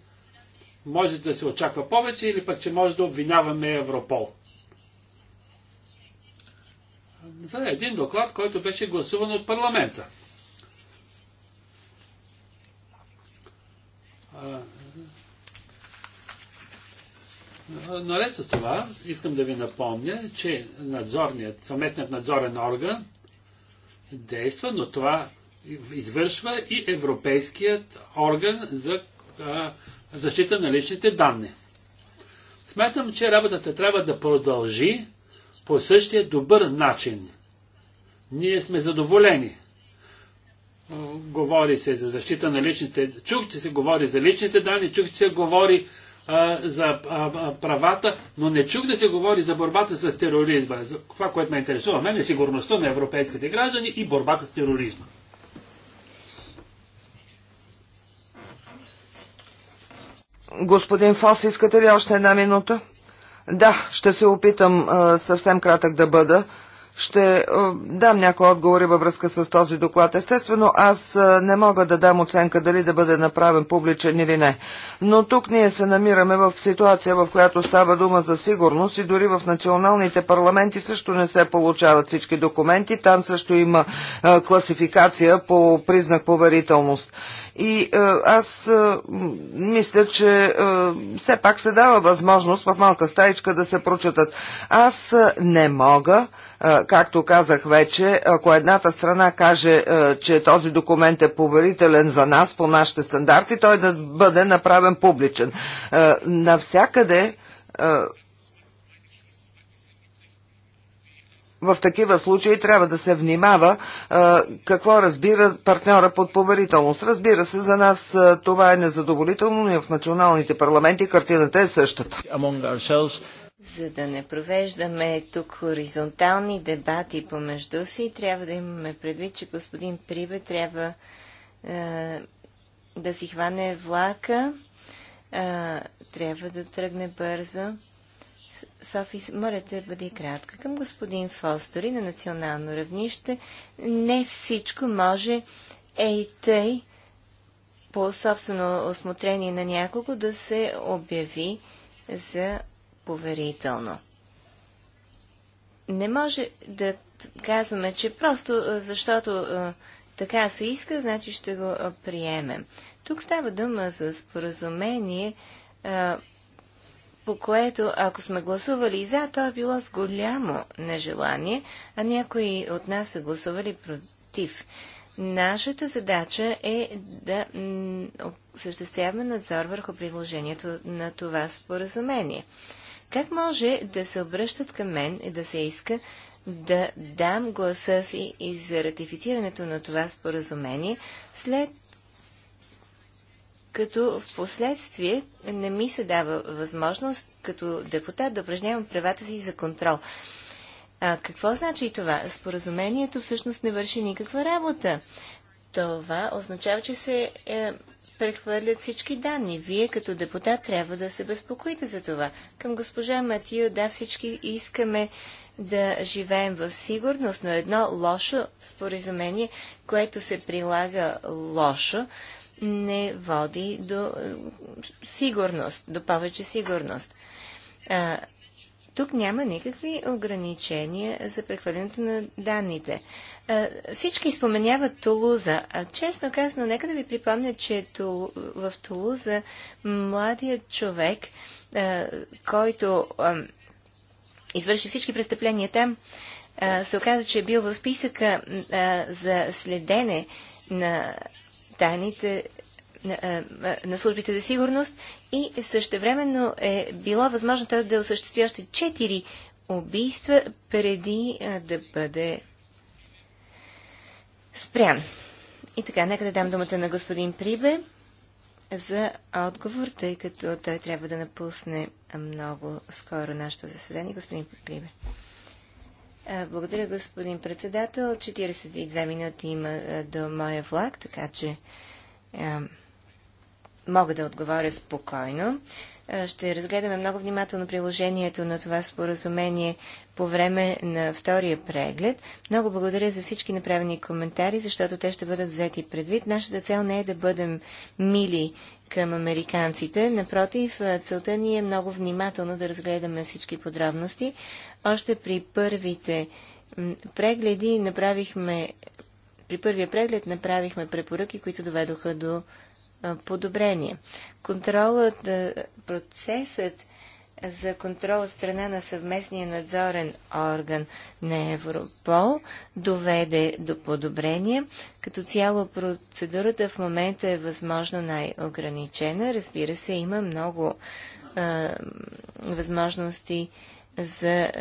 може да се очаква повече или пък, че може да обвиняваме Европол. За един доклад, който беше гласуван от парламента. Наред с това, искам да ви напомня, че надзорният, съвместният надзорен орган действа, но това извършва и Европейският орган за защита на личните данни. Смятам, че работата трябва да продължи по същия добър начин. Ние сме задоволени. Говори се за защита на личните... Чух, че се говори за личните данни, чух, че се говори а, за а, правата, но не чух да се говори за борбата с тероризма. За това, което ме интересува мен е сигурността на европейските граждани и борбата с тероризма. Господин Фос, искате ли още една минута? Да, ще се опитам а, съвсем кратък да бъда. Ще е, дам някои отговори във връзка с този доклад. Естествено, аз е, не мога да дам оценка дали да бъде направен публичен или не. Но тук ние се намираме в ситуация, в която става дума за сигурност и дори в националните парламенти също не се получават всички документи. Там също има е, класификация по признак поверителност. И е, аз е, мисля, че е, все пак се дава възможност в малка стаичка да се прочетат. Аз не мога Както казах вече, ако едната страна каже, че този документ е поверителен за нас по нашите стандарти, той да бъде направен публичен. Навсякъде в такива случаи трябва да се внимава какво разбира партньора под поверителност. Разбира се, за нас това е незадоволително, но и в националните парламенти картината е същата. За да не провеждаме тук хоризонтални дебати помежду си, трябва да имаме предвид, че господин Прибе трябва е, да си хване влака, е, трябва да тръгне бързо. Софи, моля те, бъди кратка. Към господин Фостори на национално равнище не всичко може ей тъй по собствено осмотрение на някого да се обяви за поверително. Не може да казваме, че просто защото така се иска, значи ще го приемем. Тук става дума за споразумение, по което, ако сме гласували за, то е било с голямо нежелание, а някои от нас са гласували против. Нашата задача е да осъществяваме надзор върху приложението на това споразумение. Как може да се обръщат към мен и да се иска да дам гласа си и за ратифицирането на това споразумение, след като в последствие не ми се дава възможност като депутат да упражнявам правата си за контрол. А какво значи това? Споразумението всъщност не върши никаква работа. Това означава, че се е, прехвърлят всички данни. Вие като депутат трябва да се безпокоите за това. Към госпожа Матио, да, всички искаме да живеем в сигурност, но едно лошо споразумение, което се прилага лошо, не води до е, сигурност, до повече сигурност. Тук няма никакви ограничения за прехвърлянето на данните. Всички споменяват Тулуза. Честно казано, нека да ви припомня, че в Тулуза младият човек, който извърши всички престъпления там, се оказа, че е бил в списъка за следене на тайните на, е, е, на службите за сигурност и същевременно е било възможно той да осъществи още 4 убийства преди е, да бъде спрян. И така, нека да дам думата на господин Прибе за отговор, тъй като той трябва да напусне много скоро нашето заседание. Господин Прибе. Благодаря, господин председател. 42 минути има до моя влак, така че мога да отговоря спокойно. Е, ще разгледаме много внимателно приложението на това споразумение по време на втория преглед. Много благодаря за всички направени коментари, защото те ще бъдат взети предвид. Нашата цел не е да бъдем мили към американците. Напротив, е, целта ни е много внимателно да разгледаме всички подробности. Още при първите прегледи направихме при първия преглед направихме препоръки, които доведоха до подобрение. Контролът, процесът за контрол от страна на съвместния надзорен орган на Европол доведе до подобрение. Като цяло процедурата в момента е възможно най-ограничена. Разбира се, има много е, възможности за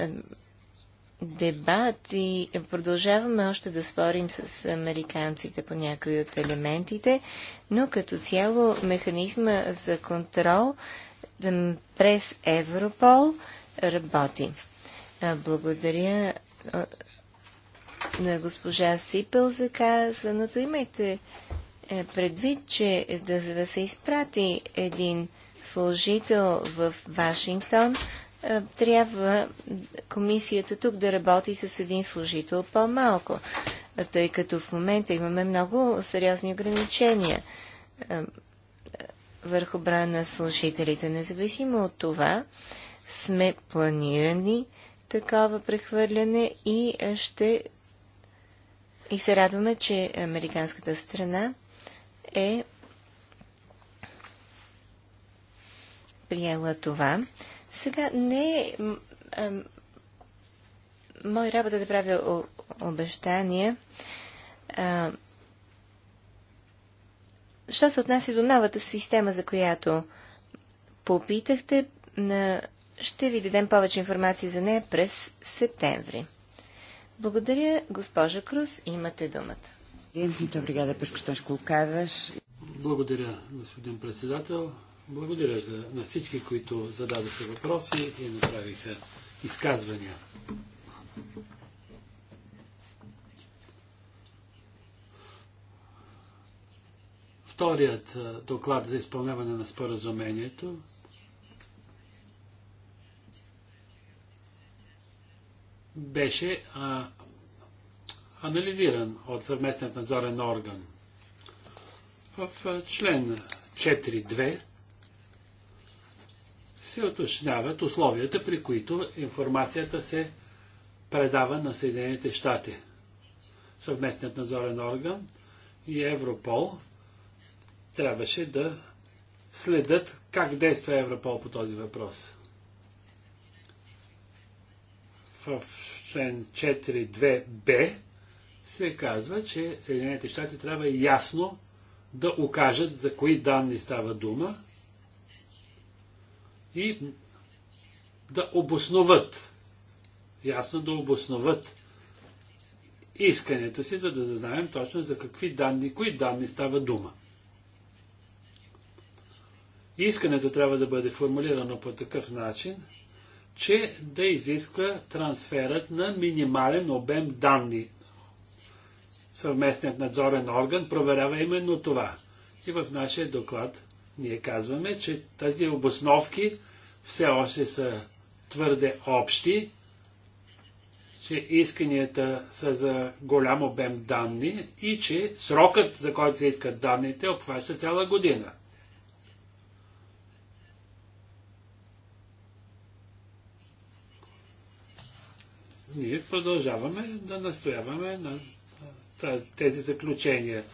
дебат и продължаваме още да спорим с американците по някои от елементите, но като цяло механизма за контрол през Европол работи. Благодаря на госпожа Сипел за казаното. Имайте е, предвид, че да се изпрати един служител в Вашингтон, е, трябва комисията тук да работи с един служител по-малко, тъй като в момента имаме много сериозни ограничения е, върху броя на служителите. Независимо от това, сме планирани такова прехвърляне и е, ще и се радваме, че американската страна е приела това. Сега не е моя работа да правя обещания. А, що се отнася до новата система, за която попитахте, на... ще ви дадем повече информация за нея през септември. Благодаря, госпожа Круз, имате думата. Благодаря, господин председател. Благодаря за, на всички, които зададоха въпроси и направиха изказвания. Вторият доклад за изпълняване на споразумението беше а, анализиран от съвместният надзорен орган. В член 4.2 се уточняват условията, при които информацията се предава на Съединените щати. Съвместният надзорен орган и Европол трябваше да следят как действа Европол по този въпрос. В член 4.2b се казва, че Съединените щати трябва ясно да окажат за кои данни става дума и да обосноват, ясно да обосноват искането си, за да знаем точно за какви данни, кои данни става дума. Искането трябва да бъде формулирано по такъв начин, че да изисква трансферът на минимален обем данни. Съвместният надзорен орган проверява именно това. И в нашия доклад ние казваме, че тези обосновки все още са твърде общи, че исканията са за голям обем данни и че срокът, за който се искат данните, обхваща цяла година. Ние продължаваме да настояваме на тези заключения.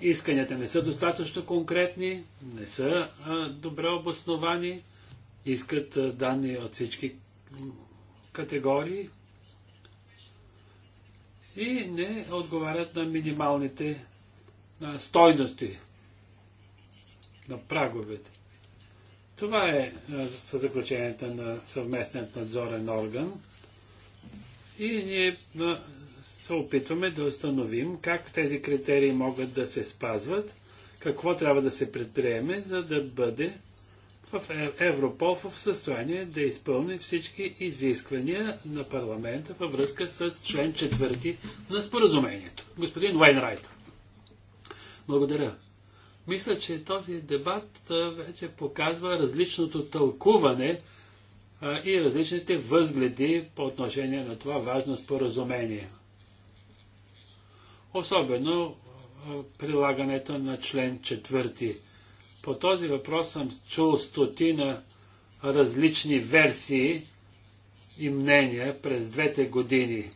Исканията не са достатъчно конкретни, не са а, добре обосновани, искат а, данни от всички категории и не отговарят на минималните а, стойности на праговете. Това е със заключението на съвместният надзорен орган. И ние се опитваме да установим как тези критерии могат да се спазват, какво трябва да се предприеме, за да бъде в Европол в състояние да изпълни всички изисквания на парламента във връзка с член 4 на споразумението. Господин Уайнрайт. Благодаря. Мисля, че този дебат вече показва различното тълкуване и различните възгледи по отношение на това важно споразумение особено прилагането на член четвърти. По този въпрос съм чул стотина различни версии и мнения през двете години,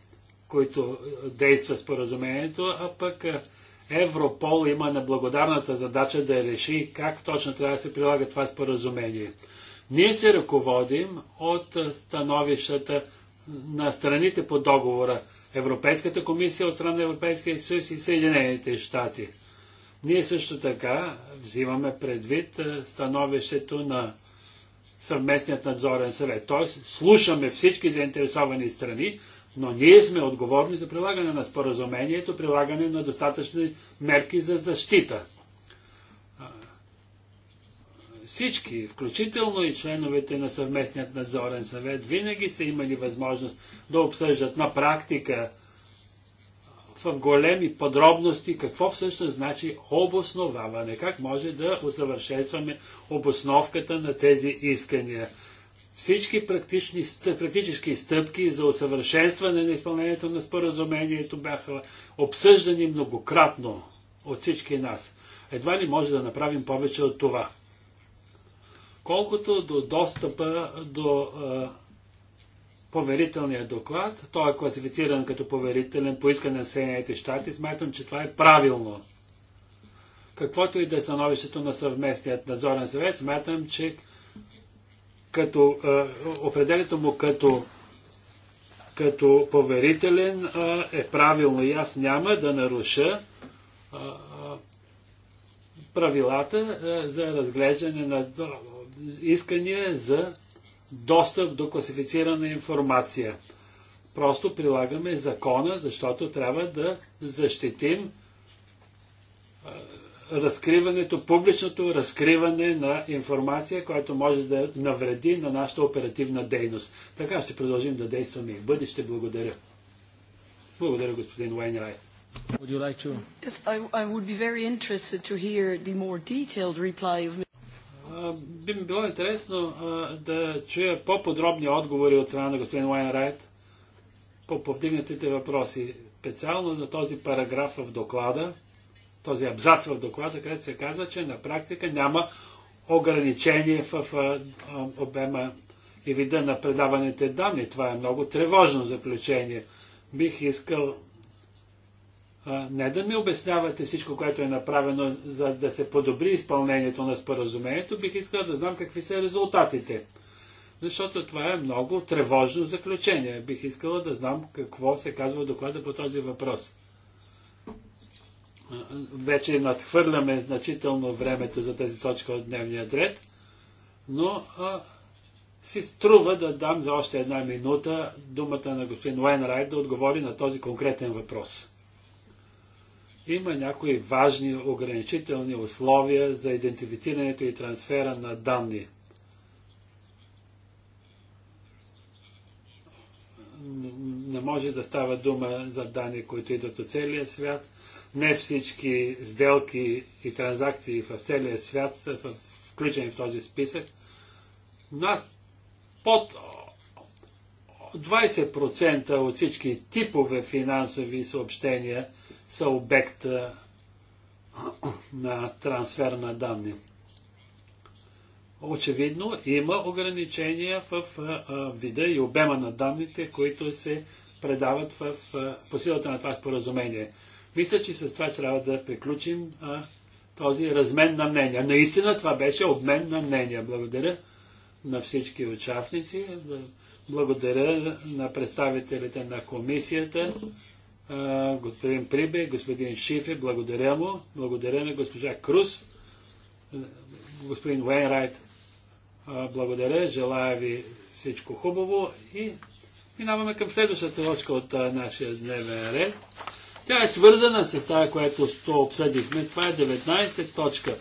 които действа споразумението, а пък Европол има неблагодарната задача да реши как точно трябва да се прилага това споразумение. Ние се ръководим от становищата на страните по договора Европейската комисия от страна на Европейския съюз и Съединените щати. Ние също така взимаме предвид становището на съвместният надзорен съвет. Т.е. слушаме всички заинтересовани страни, но ние сме отговорни за прилагане на споразумението, прилагане на достатъчни мерки за защита всички, включително и членовете на съвместният надзорен съвет, винаги са имали възможност да обсъждат на практика в големи подробности какво всъщност значи обосноваване, как може да усъвършенстваме обосновката на тези искания. Всички практични, практически стъпки за усъвършенстване на изпълнението на споразумението бяха обсъждани многократно от всички нас. Едва ли може да направим повече от това. Колкото до достъпа до а, поверителния доклад, той е класифициран като поверителен по искане на Съединените щати, смятам, че това е правилно. Каквото и да е становището на съвместният надзорен съвет, смятам, че като, а, определението му като, като поверителен а, е правилно и аз няма да наруша а, правилата за разглеждане на искания за достъп до класифицирана информация. Просто прилагаме закона, защото трябва да защитим разкриването, публичното разкриване на информация, която може да навреди на нашата оперативна дейност. Така ще продължим да действаме и в бъдеще. Благодаря. Благодаря, господин Уайнрайт. Would you like to? Yes, I, I would be very interested to hear the more detailed reply of би ми било интересно да чуя по-подробни отговори от страна на господин Уайнрайт по повдигнатите въпроси. Специално на този параграф в доклада, този абзац в доклада, където се казва, че на практика няма ограничение в обема и вида на предаваните данни. Това е много тревожно заключение. Бих искал не да ми обяснявате всичко, което е направено, за да се подобри изпълнението на споразумението, бих искал да знам какви са резултатите. Защото това е много тревожно заключение. Бих искала да знам какво се казва в доклада по този въпрос. Вече надхвърляме значително времето за тази точка от дневния ред, но а, си струва да дам за още една минута думата на господин Уайнрайт да отговори на този конкретен въпрос има някои важни ограничителни условия за идентифицирането и трансфера на данни. Не може да става дума за данни, които идват от целия свят. Не всички сделки и транзакции в целия свят са включени в този списък. На под 20% от всички типове финансови съобщения – са обект [clears throat] на трансфер на данни. Очевидно има ограничения в вида и обема на данните, които се предават в, посилата на това споразумение. Мисля, че с това трябва да приключим този размен на мнения. Наистина това беше обмен на мнения. Благодаря на всички участници. Благодаря на представителите на комисията господин Прибе, господин Шифе, благодаря му, благодаря на госпожа Крус, господин Уейнрайт, благодаря, желая ви всичко хубаво и минаваме към следващата точка от нашия дневен ред. Тя е свързана с тази, която то обсъдихме. Това е 19 та точка.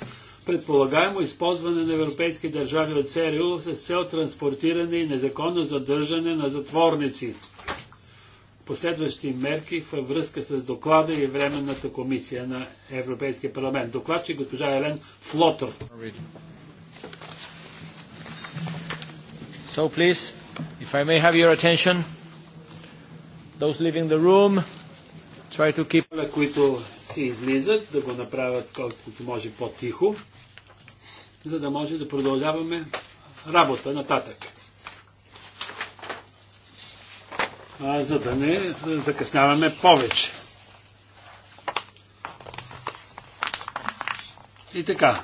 Предполагаемо използване на европейски държави от ЦРУ с цел транспортиране и незаконно задържане на затворници последващи мерки във връзка с доклада и Временната комисия на Европейския парламент. Докладчик госпожа Елен Флотър. So please, if I may have your attention, those leaving the room, try to keep... които си излизат, да го направят колкото може по-тихо, за да може да продължаваме работа нататък. за да не закъсняваме повече. И така.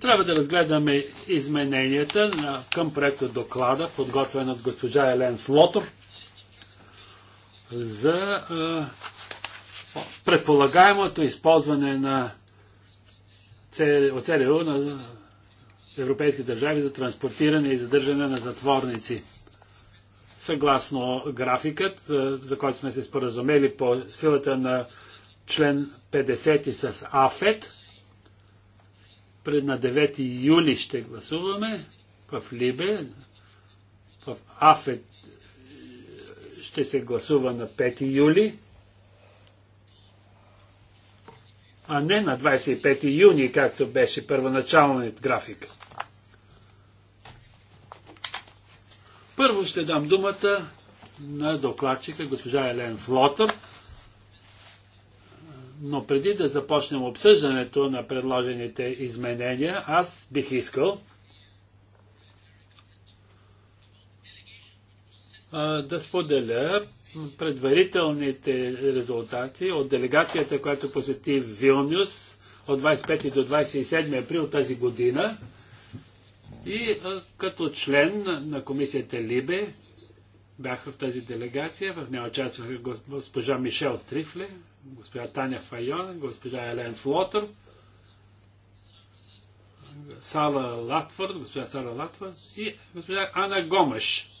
Трябва да разгледаме измененията към проекта доклада, подготвен от госпожа Елен Флотов за предполагаемото използване на ЦРУ на европейски държави за транспортиране и задържане на затворници. Съгласно графикът, за който сме се споразумели по силата на член 50 с АФЕТ, пред на 9 юли ще гласуваме в Либе, в АФЕТ ще се гласува на 5 юли, а не на 25 юни, както беше първоначалният график. Първо ще дам думата на докладчика госпожа Елен Флотър, но преди да започнем обсъждането на предложените изменения, аз бих искал да споделя предварителните резултати от делегацията, която посети Вилнюс от 25 до 27 април тази година. И като член на комисията Либе бяха в тази делегация. В нея участваха госпожа Мишел Трифле, госпожа Таня Файон, госпожа Елен Флотър, Сала Латвард, госпожа Сара Латвард и госпожа Ана Гомаш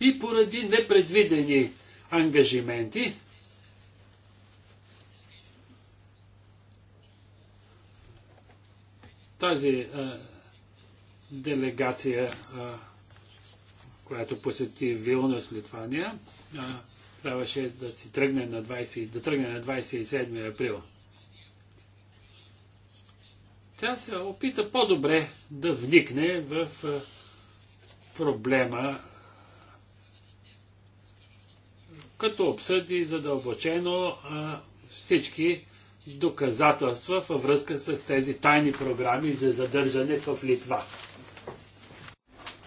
и поради непредвидени ангажименти, тази а, делегация, а, която посети Вилнюс, Литвания, а, трябваше да си тръгне на 20, да тръгне на 27 април. Тя се опита по-добре да вникне в а, проблема като обсъди задълбочено а, всички доказателства във връзка с тези тайни програми за задържане в Литва.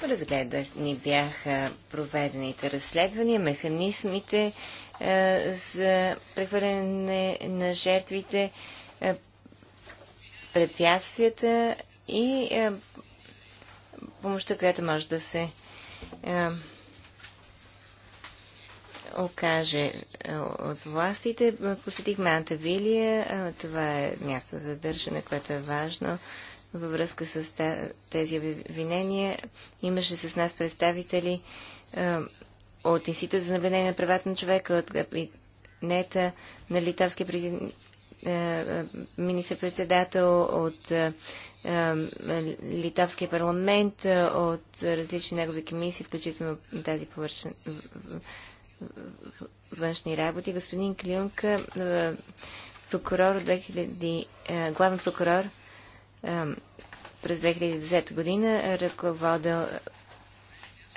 Разгледани бяха проведените разследвания, механизмите а, за прехвърляне на жертвите, а, препятствията и а, помощта, която може да се а, окаже е, от властите. Посетихме Антавилия. Е, това е място за държане, което е важно във връзка с тези обвинения. Имаше с нас представители е, от Институт за наблюдение на правата на човека, от кабинета на литовския президент министър-председател от Литовския парламент, от различни негови комисии, включително тази повършен, външни работи, господин Клюнка, е, прокурор 2000, е, главен прокурор е, през 2010 година, ръководил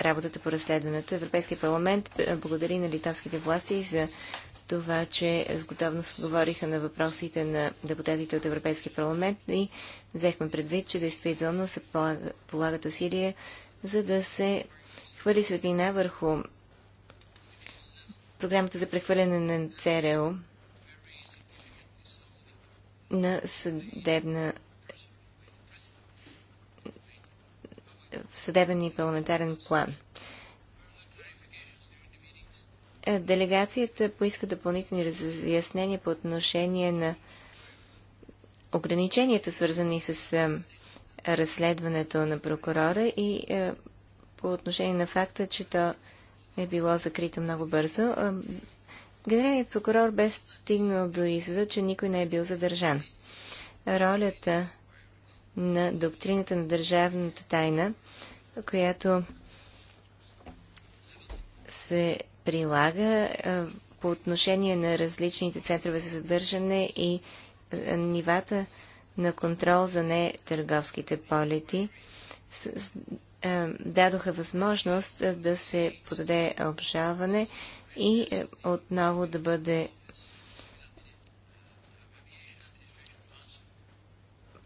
работата по разследването. Европейския парламент благодари на литовските власти за това, че с готовност отговориха на въпросите на депутатите от Европейския парламент и взехме предвид, че действително се полагат усилия, за да се хвърли светлина върху програмата за прехвърляне на ЦРО на съдебна в съдебен и парламентарен план. Е, делегацията поиска допълнителни разяснения по отношение на ограниченията, свързани с е, разследването на прокурора и е, по отношение на факта, че то е било закрито много бързо. Генералният прокурор бе стигнал до извода, че никой не е бил задържан. Ролята на доктрината на държавната тайна, която се прилага по отношение на различните центрове за задържане и нивата на контрол за нетърговските полети е, дадоха възможност е, да се подаде обжалване и е, отново да бъде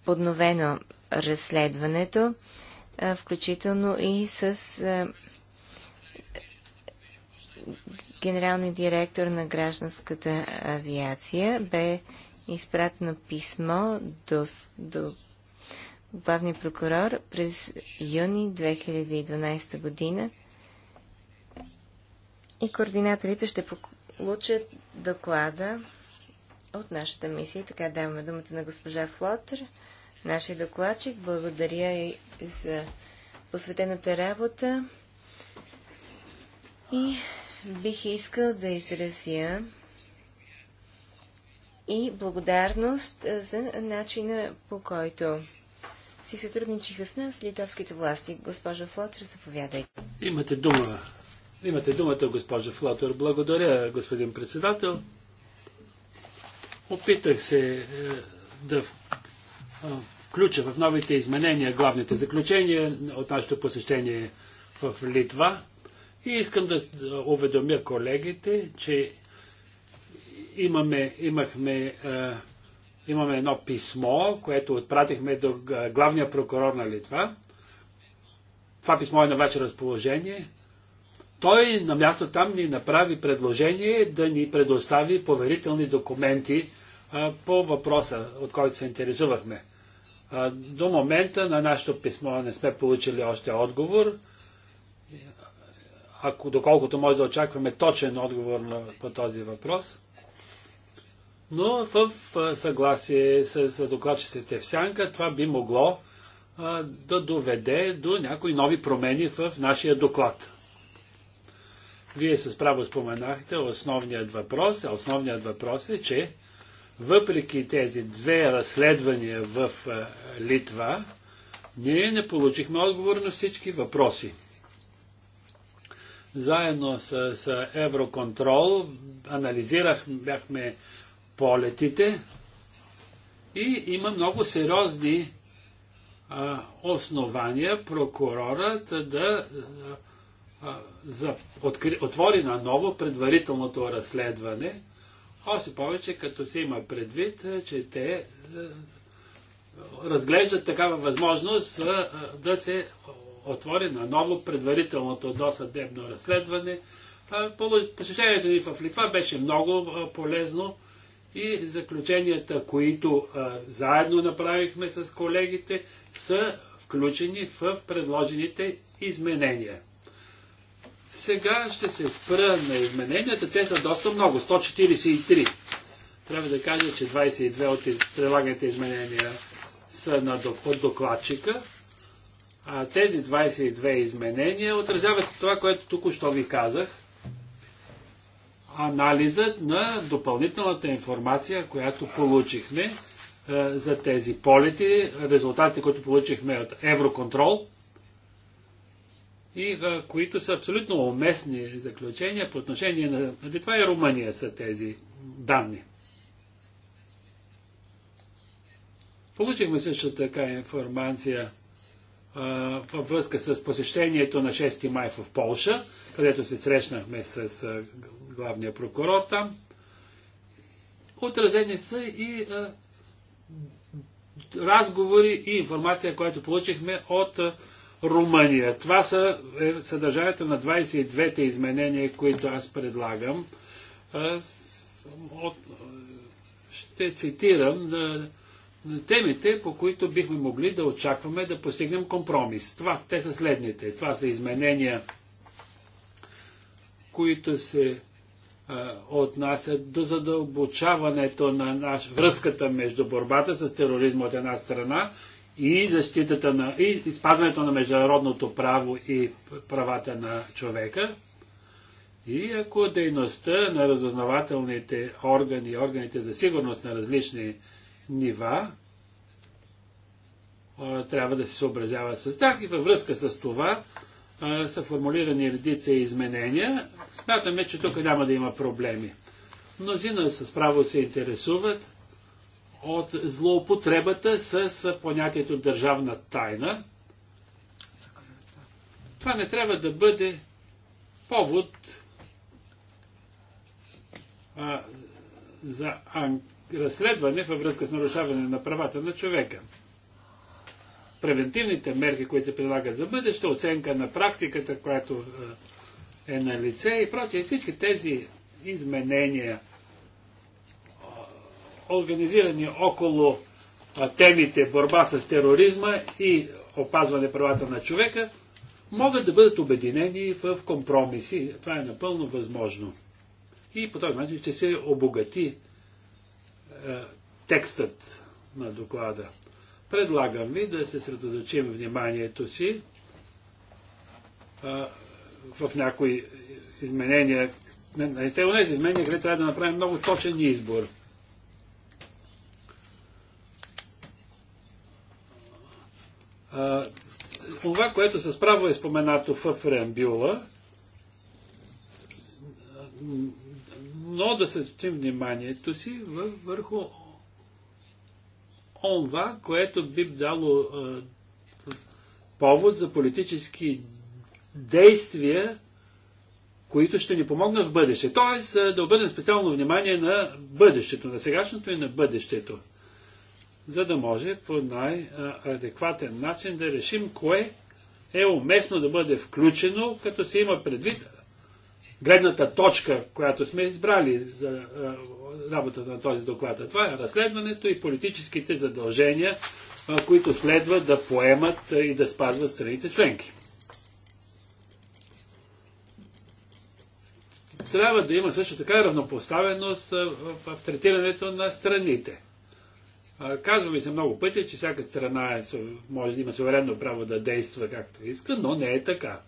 подновено разследването, включително и с генералния директор на гражданската авиация. Бе изпратено писмо до, до главния прокурор през юни 2012 година и координаторите ще получат доклада от нашата мисия. Така даваме думата на госпожа Флотър, нашия докладчик. Благодаря и за посветената работа. И бих искал да изразя и благодарност за начина по който си сътрудничиха с нас литовските власти. Госпожа Флотер, заповядайте. Имате дума. Имате думата, госпожа Флотер. Благодаря, господин председател. Опитах се е, да е, включа в новите изменения главните заключения от нашето посещение в Литва. И искам да е, уведомя колегите, че имаме, имахме а, е, Имаме едно писмо, което отпратихме до главния прокурор на Литва. Това писмо е на ваше разположение. Той на място там ни направи предложение да ни предостави поверителни документи а, по въпроса, от който се интересувахме. А, до момента на нашето писмо не сме получили още отговор. Ако доколкото може да очакваме точен отговор на, по този въпрос но в съгласие с докладчиците в Сянка това би могло да доведе до някои нови промени в нашия доклад. Вие с право споменахте основният въпрос, а основният въпрос е, че въпреки тези две разследвания в Литва, ние не получихме отговор на всички въпроси. Заедно с, с Евроконтрол анализирахме, бяхме полетите и има много сериозни а, основания прокурорът да а, за, откри, отвори на ново предварителното разследване, още повече като се има предвид, че те а, разглеждат такава възможност а, да се отвори на ново предварителното досъдебно разследване. Посещението ни в Литва беше много полезно и заключенията, които а, заедно направихме с колегите, са включени в предложените изменения. Сега ще се спра на измененията. Те са доста много. 143. Трябва да кажа, че 22 от прилаганите изменения са на, от докладчика. А тези 22 изменения отразяват това, което тук що ви казах анализът на допълнителната информация, която получихме е, за тези полети, резултатите, които получихме от Евроконтрол и е, които са абсолютно уместни заключения по отношение на Литва нали, и Румъния са тези данни. Получихме също така информация а, е, във връзка с посещението на 6 май в Полша, където се срещнахме с а, главния прокурор там. Отразени са и а, разговори и информация, която получихме от а, Румъния. Това са е, съдържанието на 22-те изменения, които аз предлагам. А, с, от, ще цитирам а, темите, по които бихме могли да очакваме да постигнем компромис. Това, те са следните. Това са изменения които се отнасят до задълбочаването на наш, връзката между борбата с тероризма от една страна и защитата на, и изпазването на международното право и правата на човека. И ако дейността на разузнавателните органи и органите за сигурност на различни нива трябва да се съобразява с тях и във връзка с това са формулирани редица изменения. Смятаме, че тук няма да има проблеми. Мнозина с право се интересуват от злоупотребата с понятието държавна тайна. Това не трябва да бъде повод а, за разследване във връзка с нарушаване на правата на човека превентивните мерки, които се прилагат за бъдеще, оценка на практиката, която е, е на лице и прочее. Всички тези изменения, организирани около темите борба с тероризма и опазване правата на човека, могат да бъдат обединени в компромиси. Това е напълно възможно. И по този начин ще се обогати е, текстът на доклада. Предлагам ви да се средоточим вниманието си а, в някои изменения. Те у тези изменения, където трябва да направим много точен избор. това, което с право е споменато в преамбюла, но да се съсредоточим вниманието си върху онва, което би дало а, повод за политически действия, които ще ни помогнат в бъдеще. Тоест да обърнем специално внимание на бъдещето, на сегашното и на бъдещето, за да може по най-адекватен начин да решим кое е уместно да бъде включено, като се има предвид гледната точка, която сме избрали за работата на този доклад. А това е разследването и политическите задължения, които следва да поемат и да спазват страните членки. Трябва да има също така равнопоставеност в третирането на страните. Казва ми се много пъти, че всяка страна е, може да има суверенно право да действа както иска, но не е така.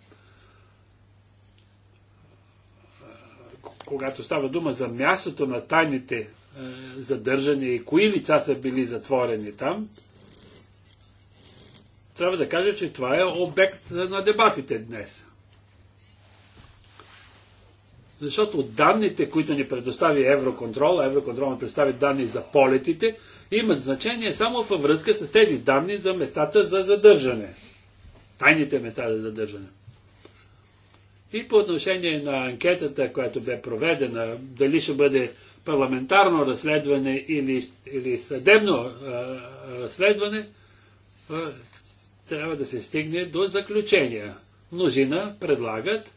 когато става дума за мястото на тайните е, задържания и кои лица са били затворени там, трябва да кажа, че това е обект на дебатите днес. Защото данните, които ни предостави Евроконтрол, Евроконтрол ни предостави данни за полетите, имат значение само във връзка с тези данни за местата за задържане. Тайните места за задържане. И по отношение на анкетата, която бе проведена, дали ще бъде парламентарно разследване или, или съдебно а, разследване, а, трябва да се стигне до заключения. Мнозина предлагат,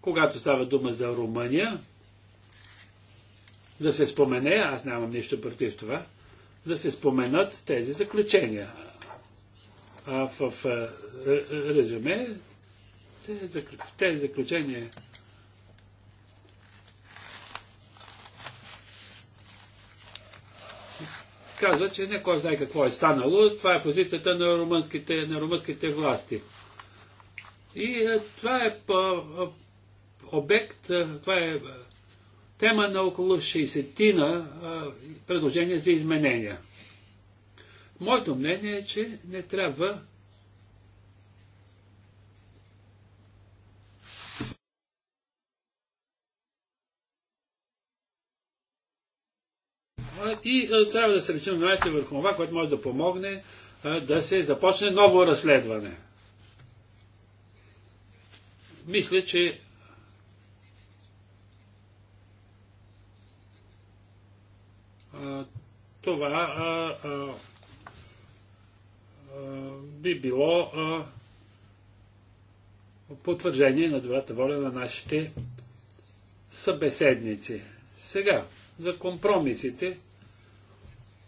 когато става дума за Румъния, да се спомене, аз нямам нищо против това, да се споменат тези заключения. А в резюме те заключение. казва, че не кой знае какво е станало. Това е позицията на румънските, на румънските власти. И е, това е по, е, обект, е, това е тема на около 60-тина предложения за изменения. Моето мнение е, че не трябва и трябва да се речем внимание върху това, което може да помогне да се започне ново разследване. Мисля, че това би било потвържение потвърждение на добрата воля на нашите събеседници. Сега, за компромисите,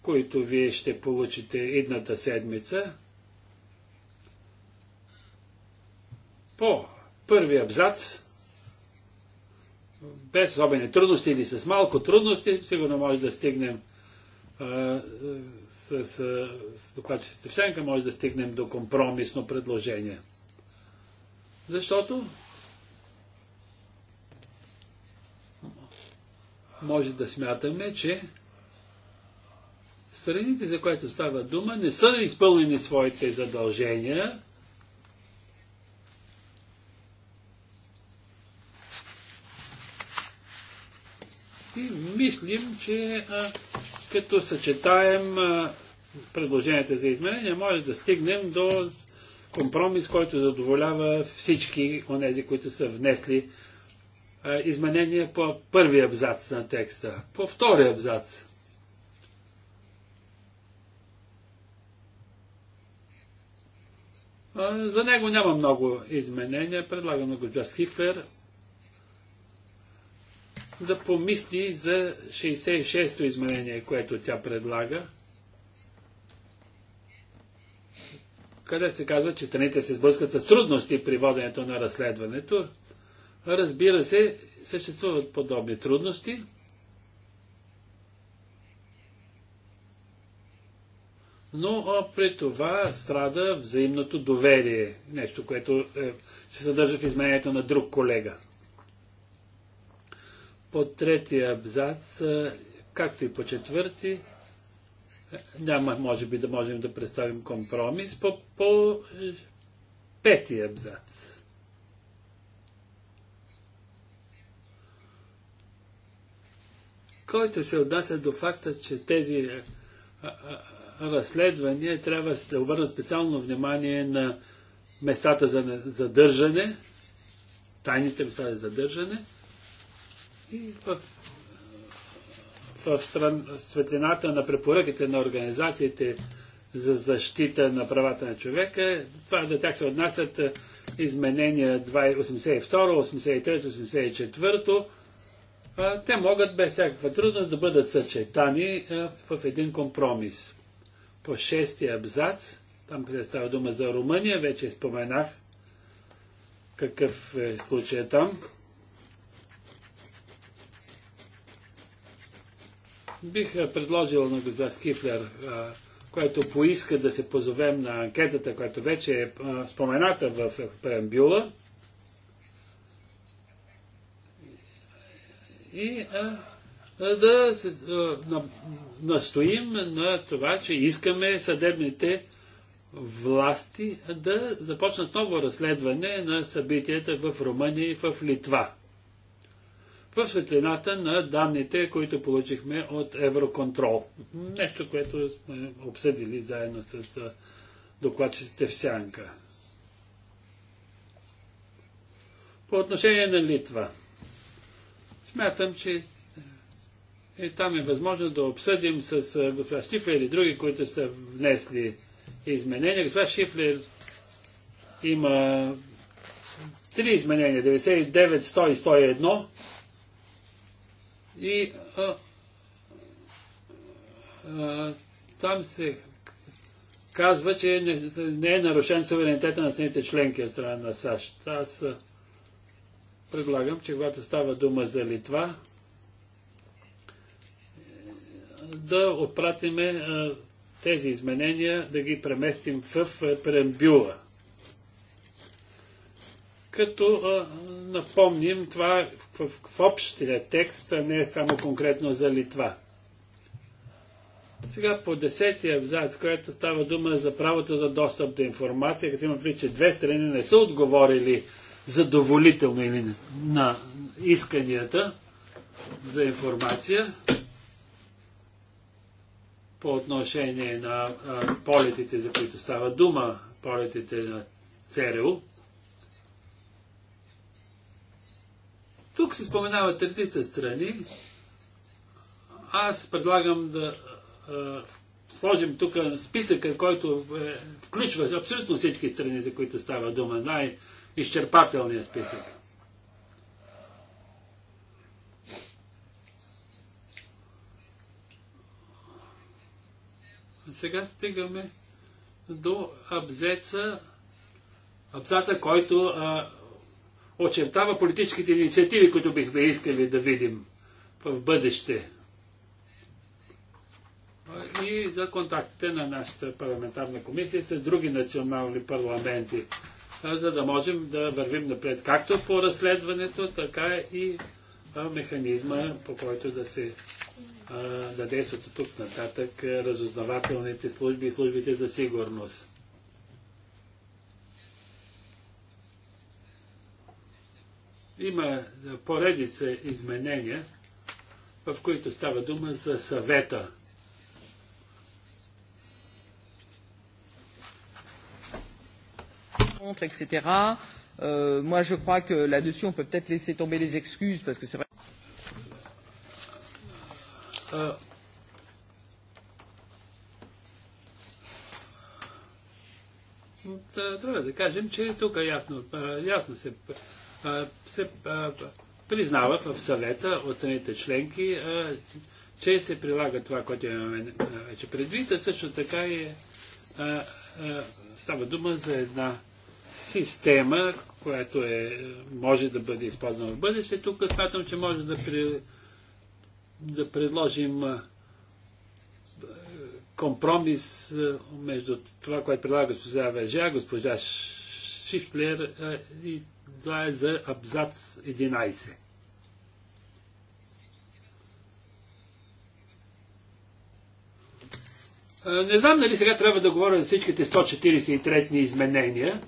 които вие ще получите едната седмица. По първи абзац, без особени трудности или с малко трудности, сигурно може да стигнем а, с, с, докладчиците в сенка, може да стигнем до компромисно предложение. Защото може да смятаме, че страните, за които става дума, не са изпълнени своите задължения. И мислим, че а, като съчетаем а, предложенията за изменения, може да стигнем до компромис, който задоволява всички от тези, които са внесли изменение по първия абзац на текста, по втория абзац. За него няма много изменения. Предлагам на господин Хифлер да помисли за 66-то изменение, което тя предлага, Къде се казва, че страните се сблъскат с трудности при воденето на разследването. Разбира се, съществуват подобни трудности. Но при това страда взаимното доверие, нещо, което е, се съдържа в изменението на друг колега. По третия абзац, е, както и по четвърти, е, няма, може би, да можем да представим компромис. По, по е, петия абзац. който се отнася до факта, че тези е, е, е, разследвания трябва да обърнат специално внимание на местата за задържане, тайните места за задържане и в, в стран, светлината на препоръките на организациите за защита на правата на човека. Това да тях се отнасят изменения 82, 83, 84 те могат без всякаква трудност да бъдат съчетани в един компромис. По шестия абзац, там къде става дума за Румъния, вече споменах какъв е случая там. Бих предложил на господин Скифлер, който поиска да се позовем на анкетата, която вече е спомената в преамбюла, и да се, на, настоим на това, че искаме съдебните власти да започнат ново разследване на събитията в Румъния и в Литва. В светлината на данните, които получихме от Евроконтрол. Нещо, което сме обсъдили заедно с докладчиците в Сянка. По отношение на Литва – Смятам, че е, е, там е възможно да обсъдим с е, господа Шифлер или други, които са внесли изменения. Господа Шифлер има три изменения 99, 100 и 101. И а, а, там се казва, че не, не е нарушен суверенитета на страните членки от страна на САЩ. Аз а, предлагам, че когато става дума за Литва, да отпратиме тези изменения, да ги преместим в преамбюла. Като напомним това в, в общия текст, а не само конкретно за Литва. Сега по десетия абзац, което става дума за правото за достъп до информация, като има вече две страни не са отговорили задоволително или не, на исканията за информация по отношение на а, полетите, за които става дума, полетите на ЦРУ. Тук се споменават третица страни. Аз предлагам да а, сложим тук списъка, който е, включва абсолютно всички страни, за които става дума. Най- изчерпателния списък. Сега стигаме до абзеца, абзаца, който а, очертава политическите инициативи, които бихме искали да видим в бъдеще и за контактите на нашата парламентарна комисия с други национални парламенти за да можем да вървим напред както по разследването, така и механизма, по който да се да действат от тук нататък разузнавателните служби и службите за сигурност. Има поредица изменения, в които става дума за съвета contre, etc. Euh, moi, je crois que là-dessus, on peut peut-être laisser tomber les excuses, parce que c'est vrai. Euh, трябва да кажем, че тук ясно, ясно се, се признава в съвета от страните членки, че се прилага това, което имаме вече предвид, а също така и е, става дума за една система, която е, може да бъде използвана в бъдеще. Тук смятам, че може да, при, да предложим компромис между това, което предлага госпожа Вежа, госпожа Шифлер и това е за абзац 11. Не знам дали сега трябва да говоря за всичките 143 изменения.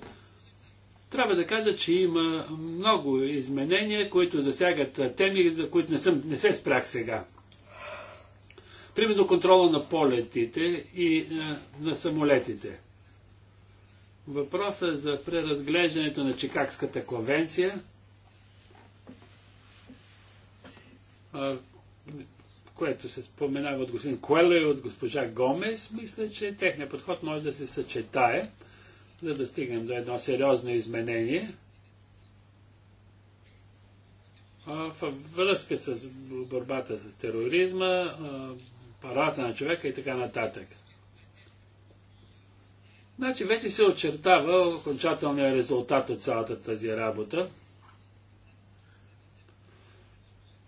Трябва да кажа, че има много изменения, които засягат теми, за които не, съм, не се спрях сега. Примерно контрола на полетите и на, на самолетите. Въпросът за преразглеждането на Чикагската конвенция, което се споменава от господин Коело и от госпожа Гомес, мисля, че техният подход може да се съчетае за да стигнем до едно сериозно изменение във връзка с борбата с тероризма, парата на човека и така нататък. Значи вече се очертава окончателният резултат от цялата тази работа,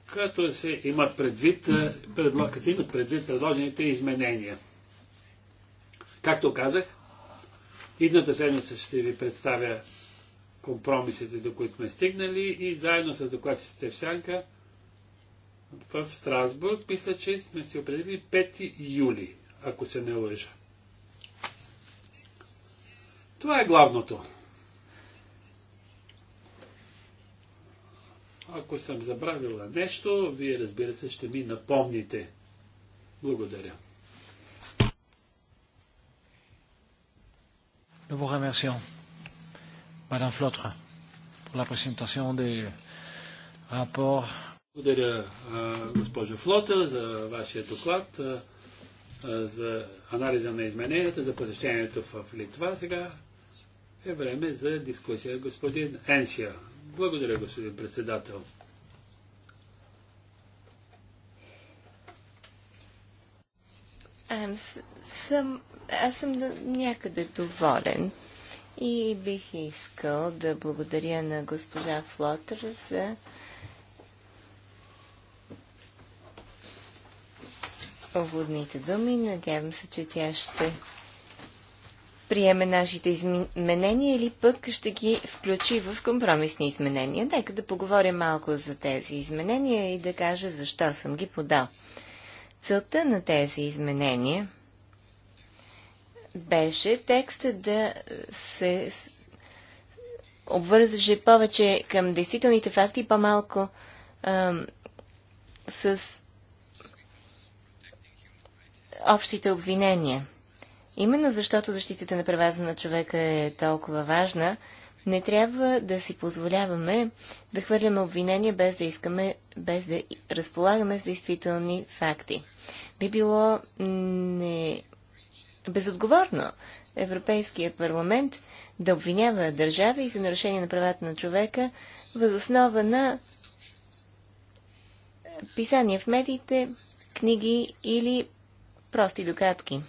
като се има предвид, предло... като се имат предвид предложените изменения. Както казах, Идната седмица ще ви представя компромисите, до които сме стигнали и заедно с докладчиците в Сянка в Страсбург, мисля, че сме си определили 5 юли, ако се не лъжа. Това е главното. Ако съм забравила нещо, вие разбира се ще ми напомните. Благодаря. Nous vous remercions, Madame Flotre, pour la présentation des rapports. Благодаря, госпожо Флотер, за вашия доклад, за анализа на измененията, за посещението в Литва. Сега е време за дискусия. Господин Енсия. Благодаря, господин председател. Аз съм аз съм някъде доволен и бих искал да благодаря на госпожа Флотър за уводните думи. Надявам се, че тя ще приеме нашите изменения или пък ще ги включи в компромисни изменения. Нека да поговорим малко за тези изменения и да кажа защо съм ги подал. Целта на тези изменения – беше текста да се обвързаше повече към действителните факти, по-малко с общите обвинения. Именно защото защитата на правата на човека е толкова важна, не трябва да си позволяваме да хвърляме обвинения без да искаме, без да разполагаме с действителни факти. Би било не безотговорно Европейския парламент да обвинява държави за нарушение на правата на човека възоснова на писания в медиите, книги или прости докатки.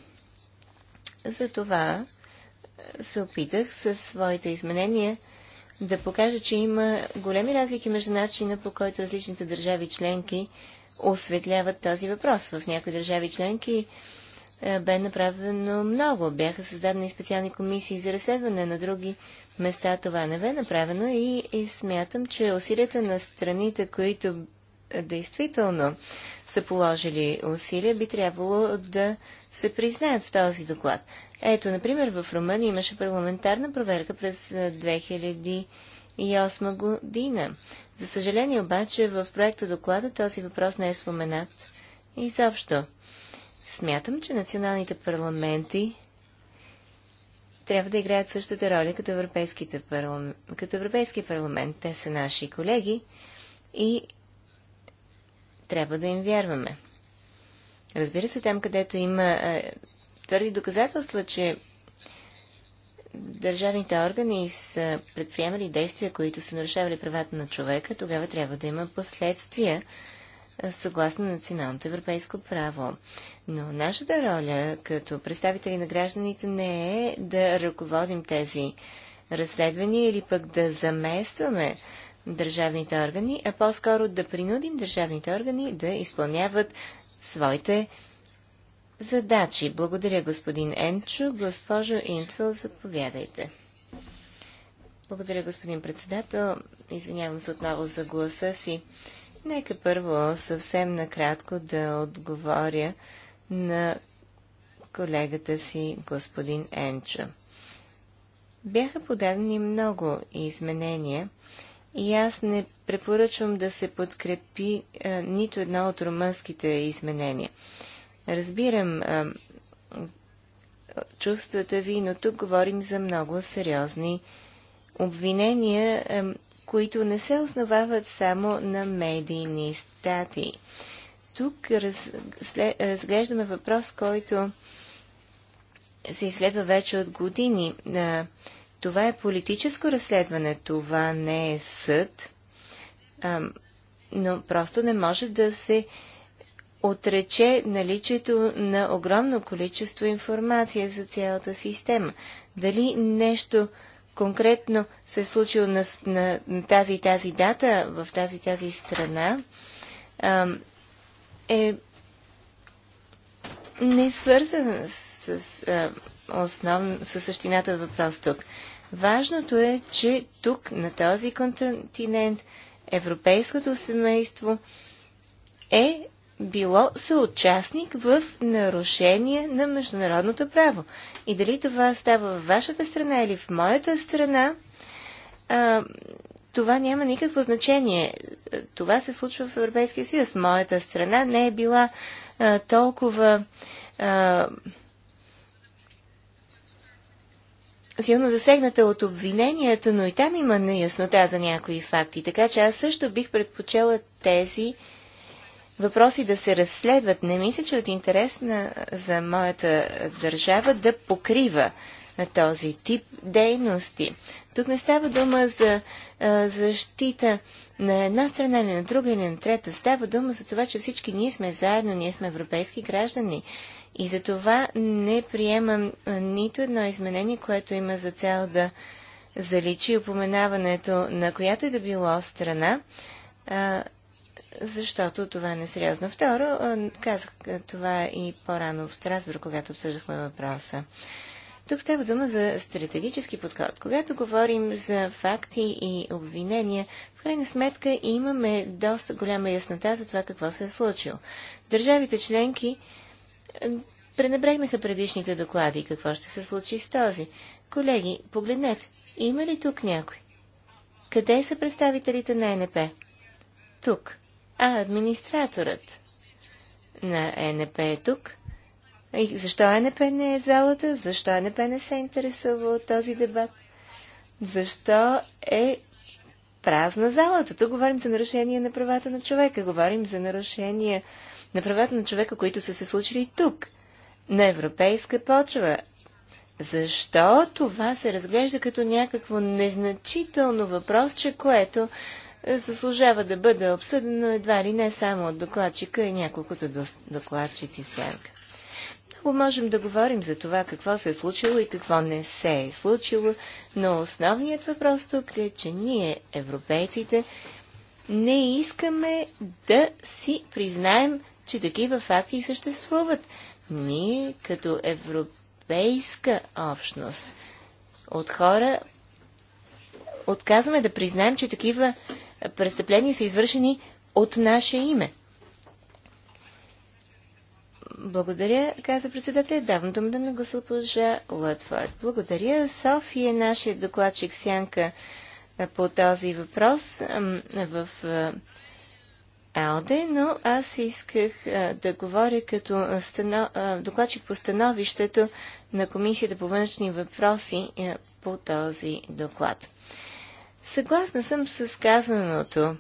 Затова е, се опитах със своите изменения да покажа, че има големи разлики между начина по който различните държави членки осветляват този въпрос. В някои държави членки е, бе направено много. Бяха създадени специални комисии за разследване на други места. Това не бе направено и, и смятам, че усилията на страните, които е, действително са положили усилия, би трябвало да се признаят в този доклад. Ето, например, в Румъния имаше парламентарна проверка през 2008 е, година. За съжаление обаче в проекта доклада този въпрос не е споменат изобщо. Смятам, че националните парламенти трябва да играят същата роля като, европейските парлам... като Европейски парламент. Те са наши колеги и трябва да им вярваме. Разбира се, там където има е, твърди доказателства, че държавните органи са предприемали действия, които са нарушавали правата на човека, тогава трябва да има последствия съгласно националното европейско право. Но нашата роля като представители на гражданите не е да ръководим тези разследвания или пък да заместваме държавните органи, а по-скоро да принудим държавните органи да изпълняват своите задачи. Благодаря, господин Енчо. Госпожо Интвел, заповядайте. Благодаря, господин председател. Извинявам се отново за гласа си. Нека първо съвсем накратко да отговоря на колегата си господин Енчо. Бяха подадени много изменения и аз не препоръчвам да се подкрепи а, нито едно от румънските изменения. Разбирам а, чувствата ви, но тук говорим за много сериозни обвинения а, които не се основават само на медийни статии. Тук разглеждаме въпрос, който се изследва вече от години. Това е политическо разследване, това не е съд, но просто не може да се отрече наличието на огромно количество информация за цялата система. Дали нещо конкретно се е случило на, на, на тази и тази дата в тази и тази страна, а, е не свързан с, с, а, основно, с същината въпрос тук. Важното е, че тук, на този континент, европейското семейство е било съучастник в нарушение на международното право. И дали това става във вашата страна или в моята страна, а, това няма никакво значение. Това се случва в Европейския съюз. Моята страна не е била а, толкова а, силно засегната от обвиненията, но и там има неяснота за някои факти. Така че аз също бих предпочела тези въпроси да се разследват. Не мисля, че е от интерес на, за моята държава да покрива този тип дейности. Тук не става дума за а, защита на една страна или на друга или на трета. Става дума за това, че всички ние сме заедно, ние сме европейски граждани. И за това не приемам нито едно изменение, което има за цел да заличи упоменаването на която и да било страна а, защото това е несериозно. Второ, казах това е и по-рано в Страсбург, когато обсъждахме въпроса. Тук става дума за стратегически подход. Когато говорим за факти и обвинения, в крайна сметка имаме доста голяма яснота за това какво се е случило. Държавите членки пренебрегнаха предишните доклади. Какво ще се случи с този? Колеги, погледнете, има ли тук някой? Къде са представителите на НП? Тук. А администраторът на ЕНП е тук. И защо ЕНП не е в залата? Защо ЕНП не се интересува от този дебат? Защо е празна залата? Тук говорим за нарушение на правата на човека. Говорим за нарушение на правата на човека, които са се случили тук, на европейска почва. Защо това се разглежда като някакво незначително въпросче, което е, заслужава да бъде обсъдено едва ли не само от докладчика и няколкото докладчици в сянка. Много можем да говорим за това какво се е случило и какво не се е случило, но основният въпрос тук е, че ние, европейците, не искаме да си признаем, че такива факти съществуват. Ние, като европейска общност от хора, отказваме да признаем, че такива престъпления са извършени от наше име. Благодаря, каза председателя. Давам думата на госпожа Лътвард. Благодаря. София е нашия докладчик Сянка по този въпрос в Алде, но аз исках да говоря като станов... докладчик по становището на Комисията по външни въпроси по този доклад. Съгласна съм с казаното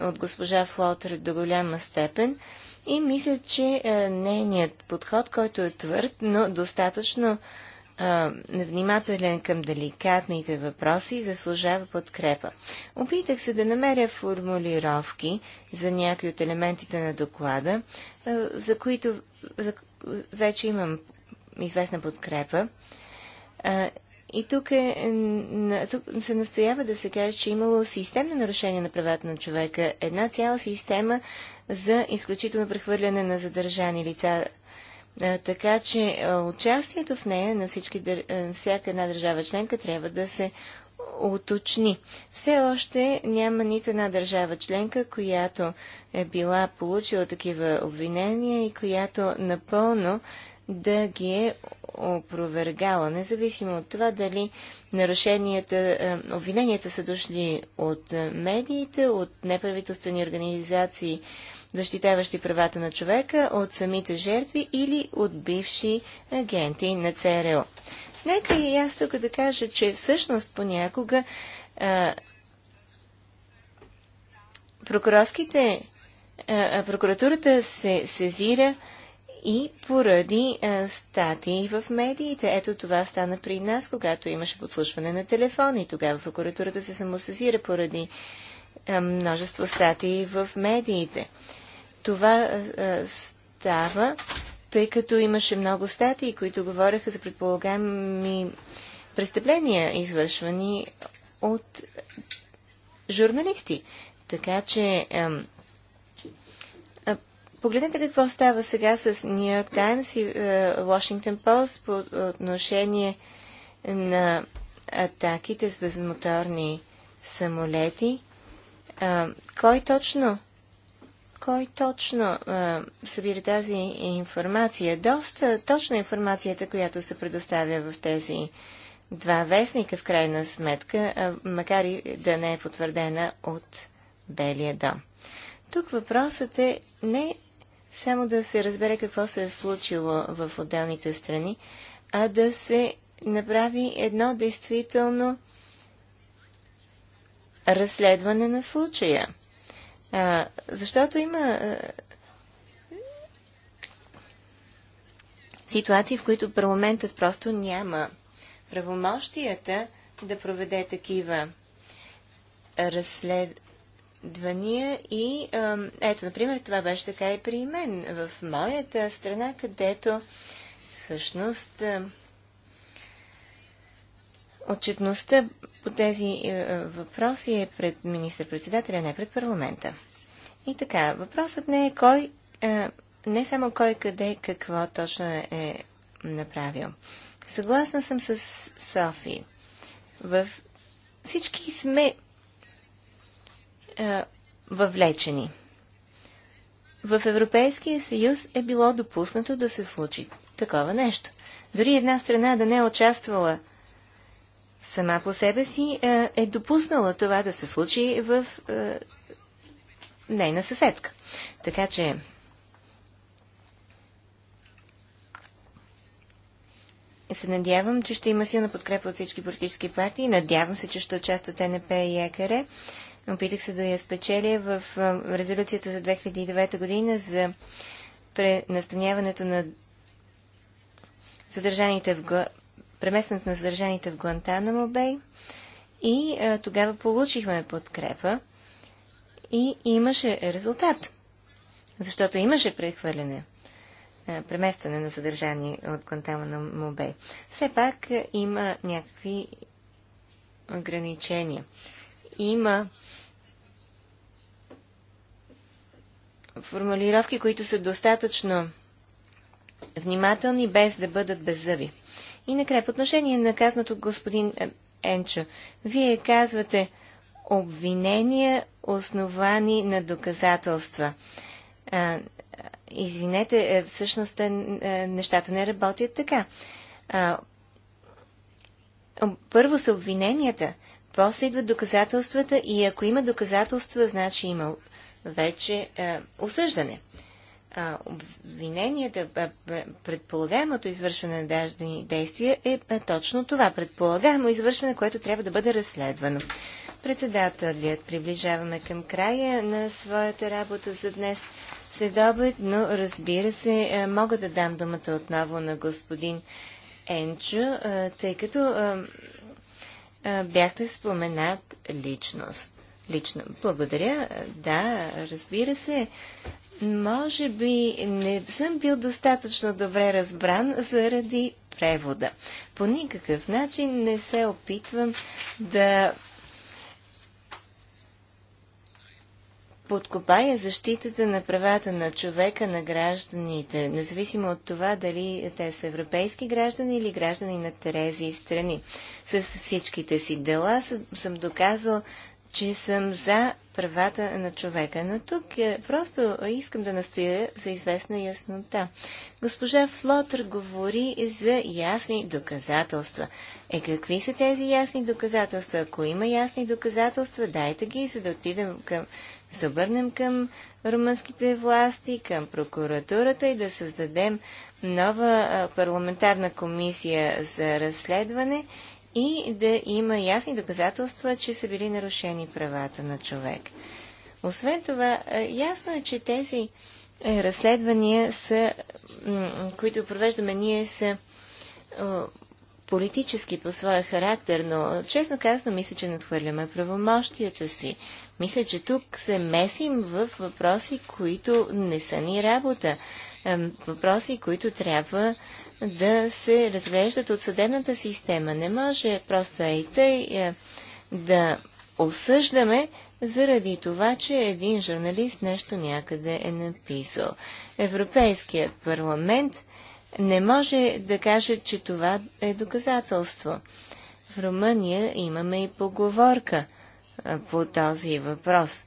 от госпожа Флотер до голяма степен и мисля, че нейният подход, който е твърд, но достатъчно внимателен към деликатните въпроси, заслужава подкрепа. Опитах се да намеря формулировки за някои от елементите на доклада, за които вече имам известна подкрепа. И тук, е, тук се настоява да се каже, че е имало системно нарушение на правата на човека. Една цяла система за изключително прехвърляне на задържани лица. Така че участието в нея на всички, всяка една държава членка трябва да се уточни. Все още няма нито една държава членка, която е била получила такива обвинения и която напълно да ги е опровергала, независимо от това дали нарушенията, е, обвиненията са дошли от е, медиите, от неправителствени организации, защитаващи правата на човека, от самите жертви или от бивши агенти на ЦРО. Нека и аз тук да кажа, че всъщност понякога а, е, прокурорските, а, прокуратурата се сезира и поради а, статии в медиите. Ето това стана при нас, когато имаше подслушване на телефони. Тогава прокуратурата се самосезира поради а, множество статии в медиите. Това а, става, тъй като имаше много статии, които говореха за предполагаеми престъпления, извършвани от журналисти. Така че Погледнете какво става сега с Нью Йорк Таймс и Вашингтон е, Пост по отношение на атаките с безмоторни самолети. А, кой точно? Кой точно а, е, събира тази информация? Доста точна информацията, която се предоставя в тези два вестника, в крайна сметка, а, макар и да не е потвърдена от Белия дом. Тук въпросът е не само да се разбере какво се е случило в отделните страни, а да се направи едно действително разследване на случая. А, защото има а, ситуации, в които парламентът просто няма правомощията да проведе такива разслед изследвания и ето, например, това беше така и при мен в моята страна, където всъщност отчетността по тези е, е, въпроси е пред министър-председателя, не пред парламента. И така, въпросът не е кой, е, не само кой къде какво точно е направил. Съгласна съм с Софи. В всички сме а, е, въвлечени. В Европейския съюз е било допуснато да се случи такова нещо. Дори една страна да не е участвала сама по себе си, а, е, е допуснала това да се случи в а, е, нейна съседка. Така че се надявам, че ще има силна подкрепа от всички политически партии. Надявам се, че ще участват НП и ЕКР. Опитах се да я спечеля в резолюцията за 2009 година за пренастаняването на задържаните в преместването на задържаните в Гуантанамо Бей и а, тогава получихме подкрепа и имаше резултат, защото имаше прехвърляне, преместване на задържани от Гуантанамо Бей. Все пак има някакви ограничения. Има формулировки, които са достатъчно внимателни, без да бъдат беззъби. И накрая, по отношение на казаното господин е, Енчо, вие казвате обвинения, основани на доказателства. А, извинете, е, всъщност е, нещата не работят така. А, първо са обвиненията, после идват доказателствата и ако има доказателства, значи има вече е, осъждане. А, обвиненията, е, е, предполагаемото извършване на дадени действия е, е точно това. Предполагаемо извършване, което трябва да бъде разследвано. Председателят, приближаваме към края на своята работа за днес следобед, но разбира се, мога да дам думата отново на господин Енчо, тъй като бяхте споменат личност лично. Благодаря. Да, разбира се. Може би не съм бил достатъчно добре разбран заради превода. По никакъв начин не се опитвам да подкопая защитата на правата на човека, на гражданите, независимо от това дали те са европейски граждани или граждани на Терези и страни. С всичките си дела съм доказал че съм за правата на човека. Но тук е, просто искам да настоя за известна яснота. Госпожа Флотър говори за ясни доказателства. Е, какви са тези ясни доказателства? Ако има ясни доказателства, дайте ги, за да отидем към да се обърнем към румънските власти, към прокуратурата и да създадем нова парламентарна комисия за разследване и да има ясни доказателства, че са били нарушени правата на човек. Освен това, е, ясно е, че тези е, разследвания, са, които провеждаме ние, са политически по своя характер, но честно казано мисля, че надхвърляме правомощията си. Мисля, че тук се месим в въпроси, които не са ни работа. Въпроси, които трябва да се разглеждат от съдебната система. Не може просто е и тъй е, да осъждаме заради това, че един журналист нещо някъде е написал. Европейският парламент не може да каже, че това е доказателство. В Румъния имаме и поговорка е, по този въпрос.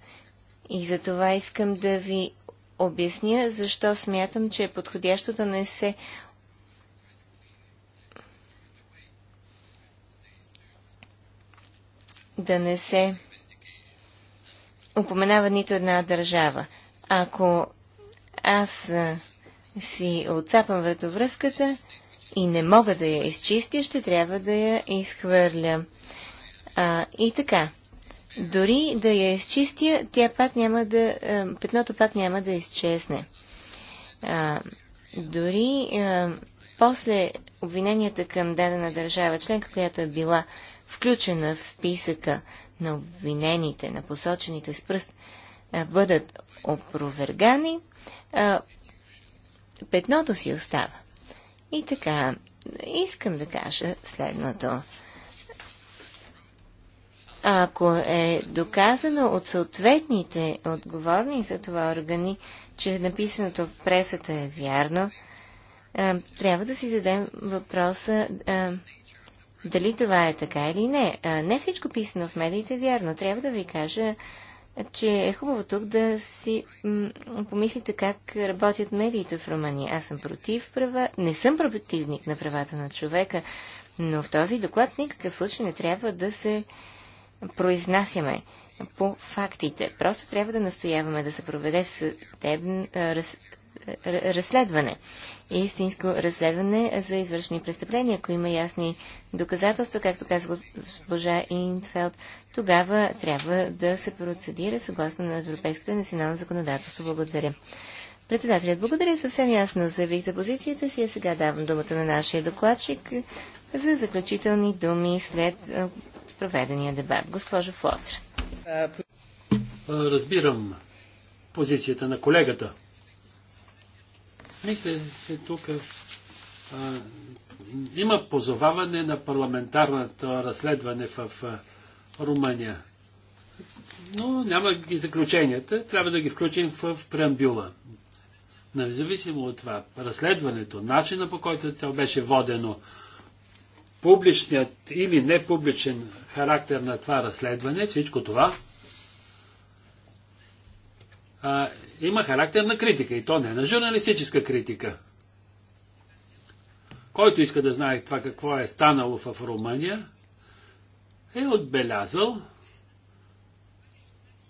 И за това искам да ви обясня, защо смятам, че е подходящо да не се да не се упоменава нито една държава. Ако аз си отцапам вратовръзката и не мога да я изчистя, ще трябва да я изхвърля. А, и така, дори да я изчистя, тя пак няма да, петното пак няма да изчезне. А, дори а, после обвиненията към дадена държава членка, която е била включена в списъка на обвинените, на посочените с пръст, бъдат опровергани, петното си остава. И така, искам да кажа следното. Ако е доказано от съответните отговорни за това органи, че написаното в пресата е вярно, трябва да си зададем въпроса дали това е така или не? Не всичко писано в медиите е вярно. Трябва да ви кажа, че е хубаво тук да си помислите как работят медиите в Румъния. Аз съм против права, не съм противник на правата на човека, но в този доклад в никакъв случай не трябва да се произнасяме по фактите. Просто трябва да настояваме да се проведе съдеб... раз... разследване истинско разследване за извършени престъпления. Ако има ясни доказателства, както каза госпожа Инфелд, тогава трябва да се процедира съгласно на Европейското и национално законодателство. Благодаря. Председателят, благодаря. Съвсем ясно заявихте позицията си, а сега давам думата на нашия докладчик за заключителни думи след проведения дебат. Госпожо Флотр. Разбирам позицията на колегата. Мисля, че тук а, има позоваване на парламентарното разследване в а, Румъния. Но няма и заключенията, трябва да ги включим в, в преамбюла. Независимо от това, разследването, начина по който тя беше водено, публичният или непубличен характер на това разследване, всичко това а, има характер на критика и то не на журналистическа критика. Който иска да знае това какво е станало в Румъния, е отбелязал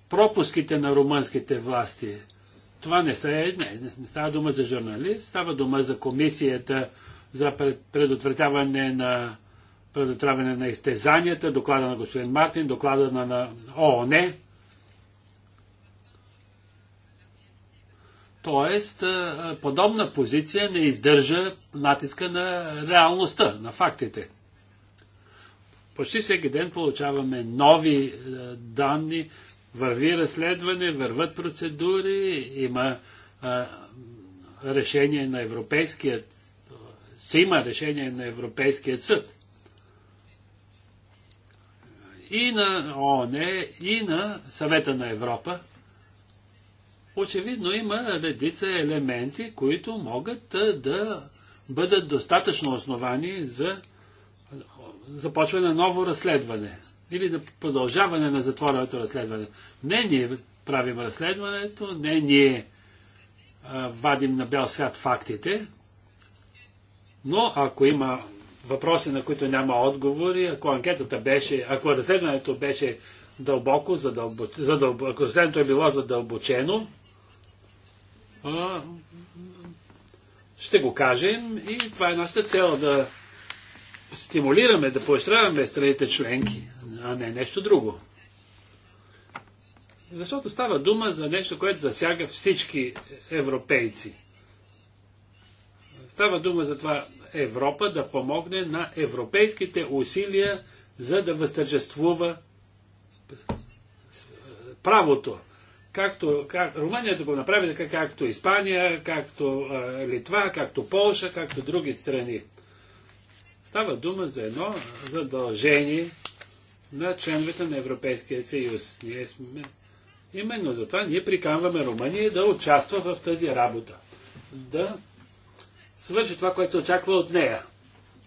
пропуските на румънските власти. Това не, са, е, не, не става дума за журналист, става дума за комисията за предотвратяване на предотвратяване на изтезанията, доклада на господин Мартин, доклада на, на ООН, Тоест, подобна позиция не издържа натиска на реалността, на фактите. Почти всеки ден получаваме нови данни, върви разследване, върват процедури, има решение на Европейският, ще има решение на Европейският съд. И на ООН, и на Съвета на Европа, очевидно има редица елементи, които могат да бъдат достатъчно основани за започване на ново разследване или за продължаване на затвореното разследване. Не ние правим разследването, не ние а, вадим на бял свят фактите, но ако има въпроси, на които няма отговори, ако анкетата беше, ако разследването беше дълбоко, задълбо, задълбо, ако разследването е било задълбочено, ще го кажем и това е нашата цел да стимулираме, да поощряваме страните членки, а не нещо друго. Защото става дума за нещо, което засяга всички европейци. Става дума за това Европа да помогне на европейските усилия, за да възтържествува правото както как, Румъния да го направи така, както Испания, както а, Литва, както Полша, както други страни. Става дума за едно задължение на членовете на Европейския съюз. Ние сме... Именно затова ние приканваме Румъния да участва в тази работа. Да свърши това, което се очаква от нея.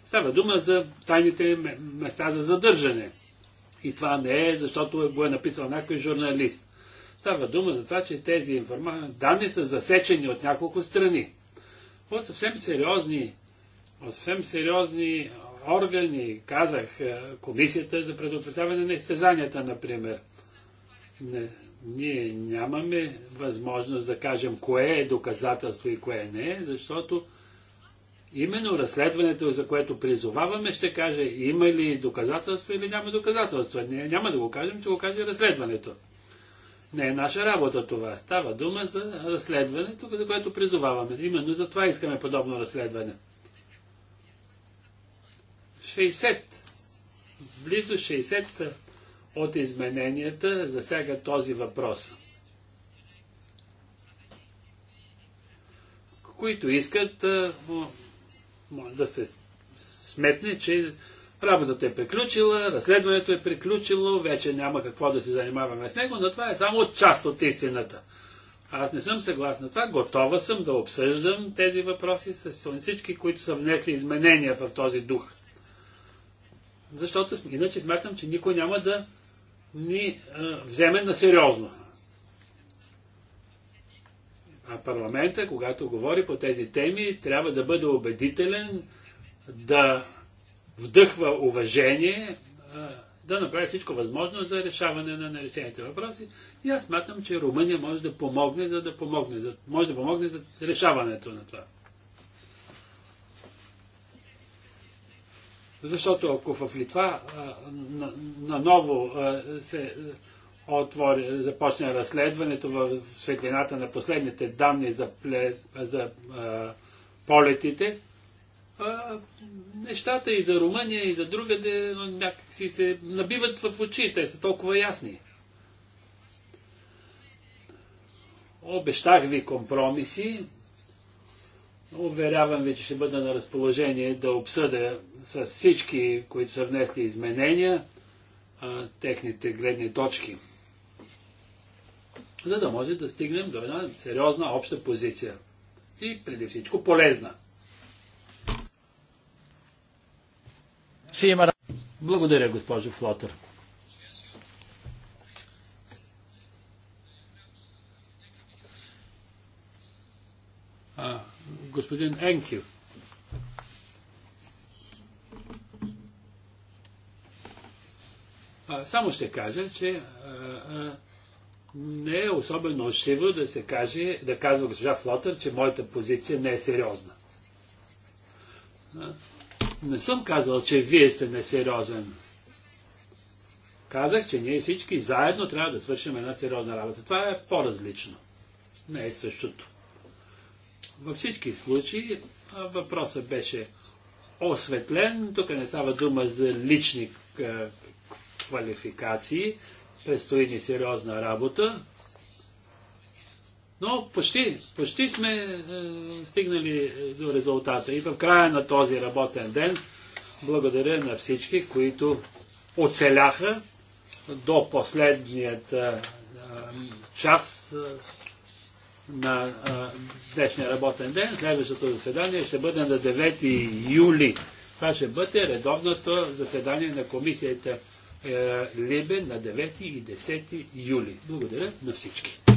Става дума за тайните места за задържане. И това не е, защото го е написал някой журналист. Става дума за това, че тези данни са засечени от няколко страни. От съвсем сериозни, от съвсем сериозни органи, казах, е, комисията за предотвратяване на изтезанията, например. Не, ние нямаме възможност да кажем кое е доказателство и кое не е, защото именно разследването, за което призоваваме, ще каже има ли доказателство или няма доказателство. Ние няма да го кажем, ще го каже разследването. Не е наша работа това. Става дума за разследването, за което призоваваме. Именно за това искаме подобно разследване. 60, близо 60 от измененията засяга този въпрос. Които искат да се сметне, че Работата е приключила, разследването е приключило, вече няма какво да се занимаваме с него, но това е само част от истината. Аз не съм съгласна това. Готова съм да обсъждам тези въпроси с всички, които са внесли изменения в този дух. Защото иначе смятам, че никой няма да ни а, вземе на сериозно. А парламента, когато говори по тези теми, трябва да бъде убедителен, да вдъхва уважение, да направи всичко възможно за решаване на наречените въпроси. И аз смятам, че Румъния може да помогне, за да помогне, за, може да помогне за решаването на това. Защото ако в Литва наново на се отвори, започне разследването в светлината на последните данни за, за а, полетите, а, нещата и за Румъния, и за другаде някакси се набиват в очи, те са толкова ясни. Обещах ви компромиси, уверявам ви, че ще бъда на разположение да обсъда с всички, които са внесли изменения, а, техните гледни точки, за да може да стигнем до една сериозна обща позиция и преди всичко полезна. Благодаря, госпожо Флотър. А, господин Енксив. Само ще кажа, че а, а, не е особено ошиво да се каже, да казва госпожа Флотър, че моята позиция не е сериозна не съм казал, че вие сте несериозен. Казах, че ние всички заедно трябва да свършим една сериозна работа. Това е по-различно. Не е същото. Във всички случаи въпросът беше осветлен. Тук не става дума за лични квалификации. Престои ни сериозна работа. Но почти, почти сме е, стигнали е, до резултата. И в края на този работен ден благодаря на всички, които оцеляха до последният е, е час е, на е, днешния работен ден. Следващото заседание ще бъде на 9 юли. Това ще бъде редовното заседание на комисията е, Либе на 9 и 10 юли. Благодаря на всички.